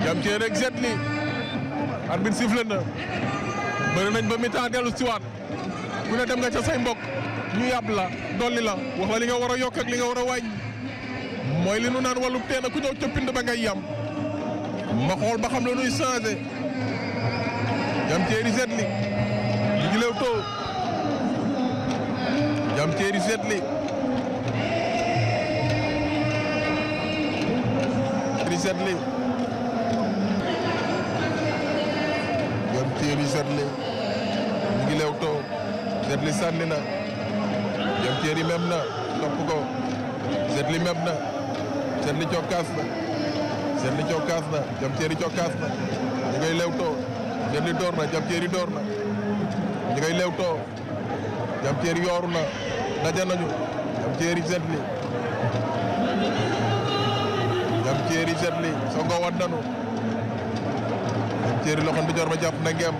S4: Diam bëri nañ ba mi-temps dellu siwaat ku ne dem nga ca say mbokk ñu yàbb la dolli la wax la li nga war a yokk ak li nga war a wàññi mooy li nu naan wàllu teen ku ñëw ca pind ba ngay yam ma xool ba xam la nuy changé jam ceeri seet li ñu ngi jam ceeri seet sànni na jëm teer yi mem na topp ko setli mem na setli cokkaas na setli cokkaas na jëm teer yi cokkaas na ñu ngay lew too setli door na jëm teer door na ñu ngay lew na daja nañu jëm teer yi setli jëm teer yi setli songo wat nañu jëm teer ba jàpp na ngeem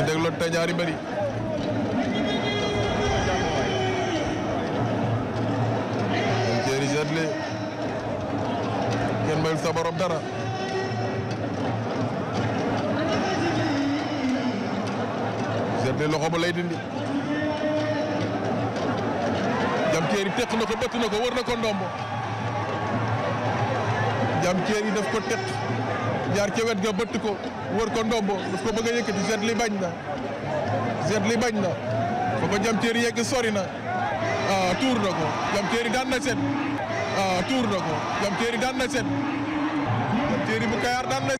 S4: ngi déglu te kenn mayul sa dara Jatlé loxo ba lay dindi Diam Terry teq na ko bëtt na ko wër na ko ndombo Diam Terry daf ko teq jaar ca wet ga bëtt ko wër ko ndombo daf ko bëgg a yëkkati li bañ na jet li bañ na fa jam teeri yegg sori na ah tuur na ko jam teeri daan na set ah tuur na jam teeri daan na set jam teeri bu kayaar daan na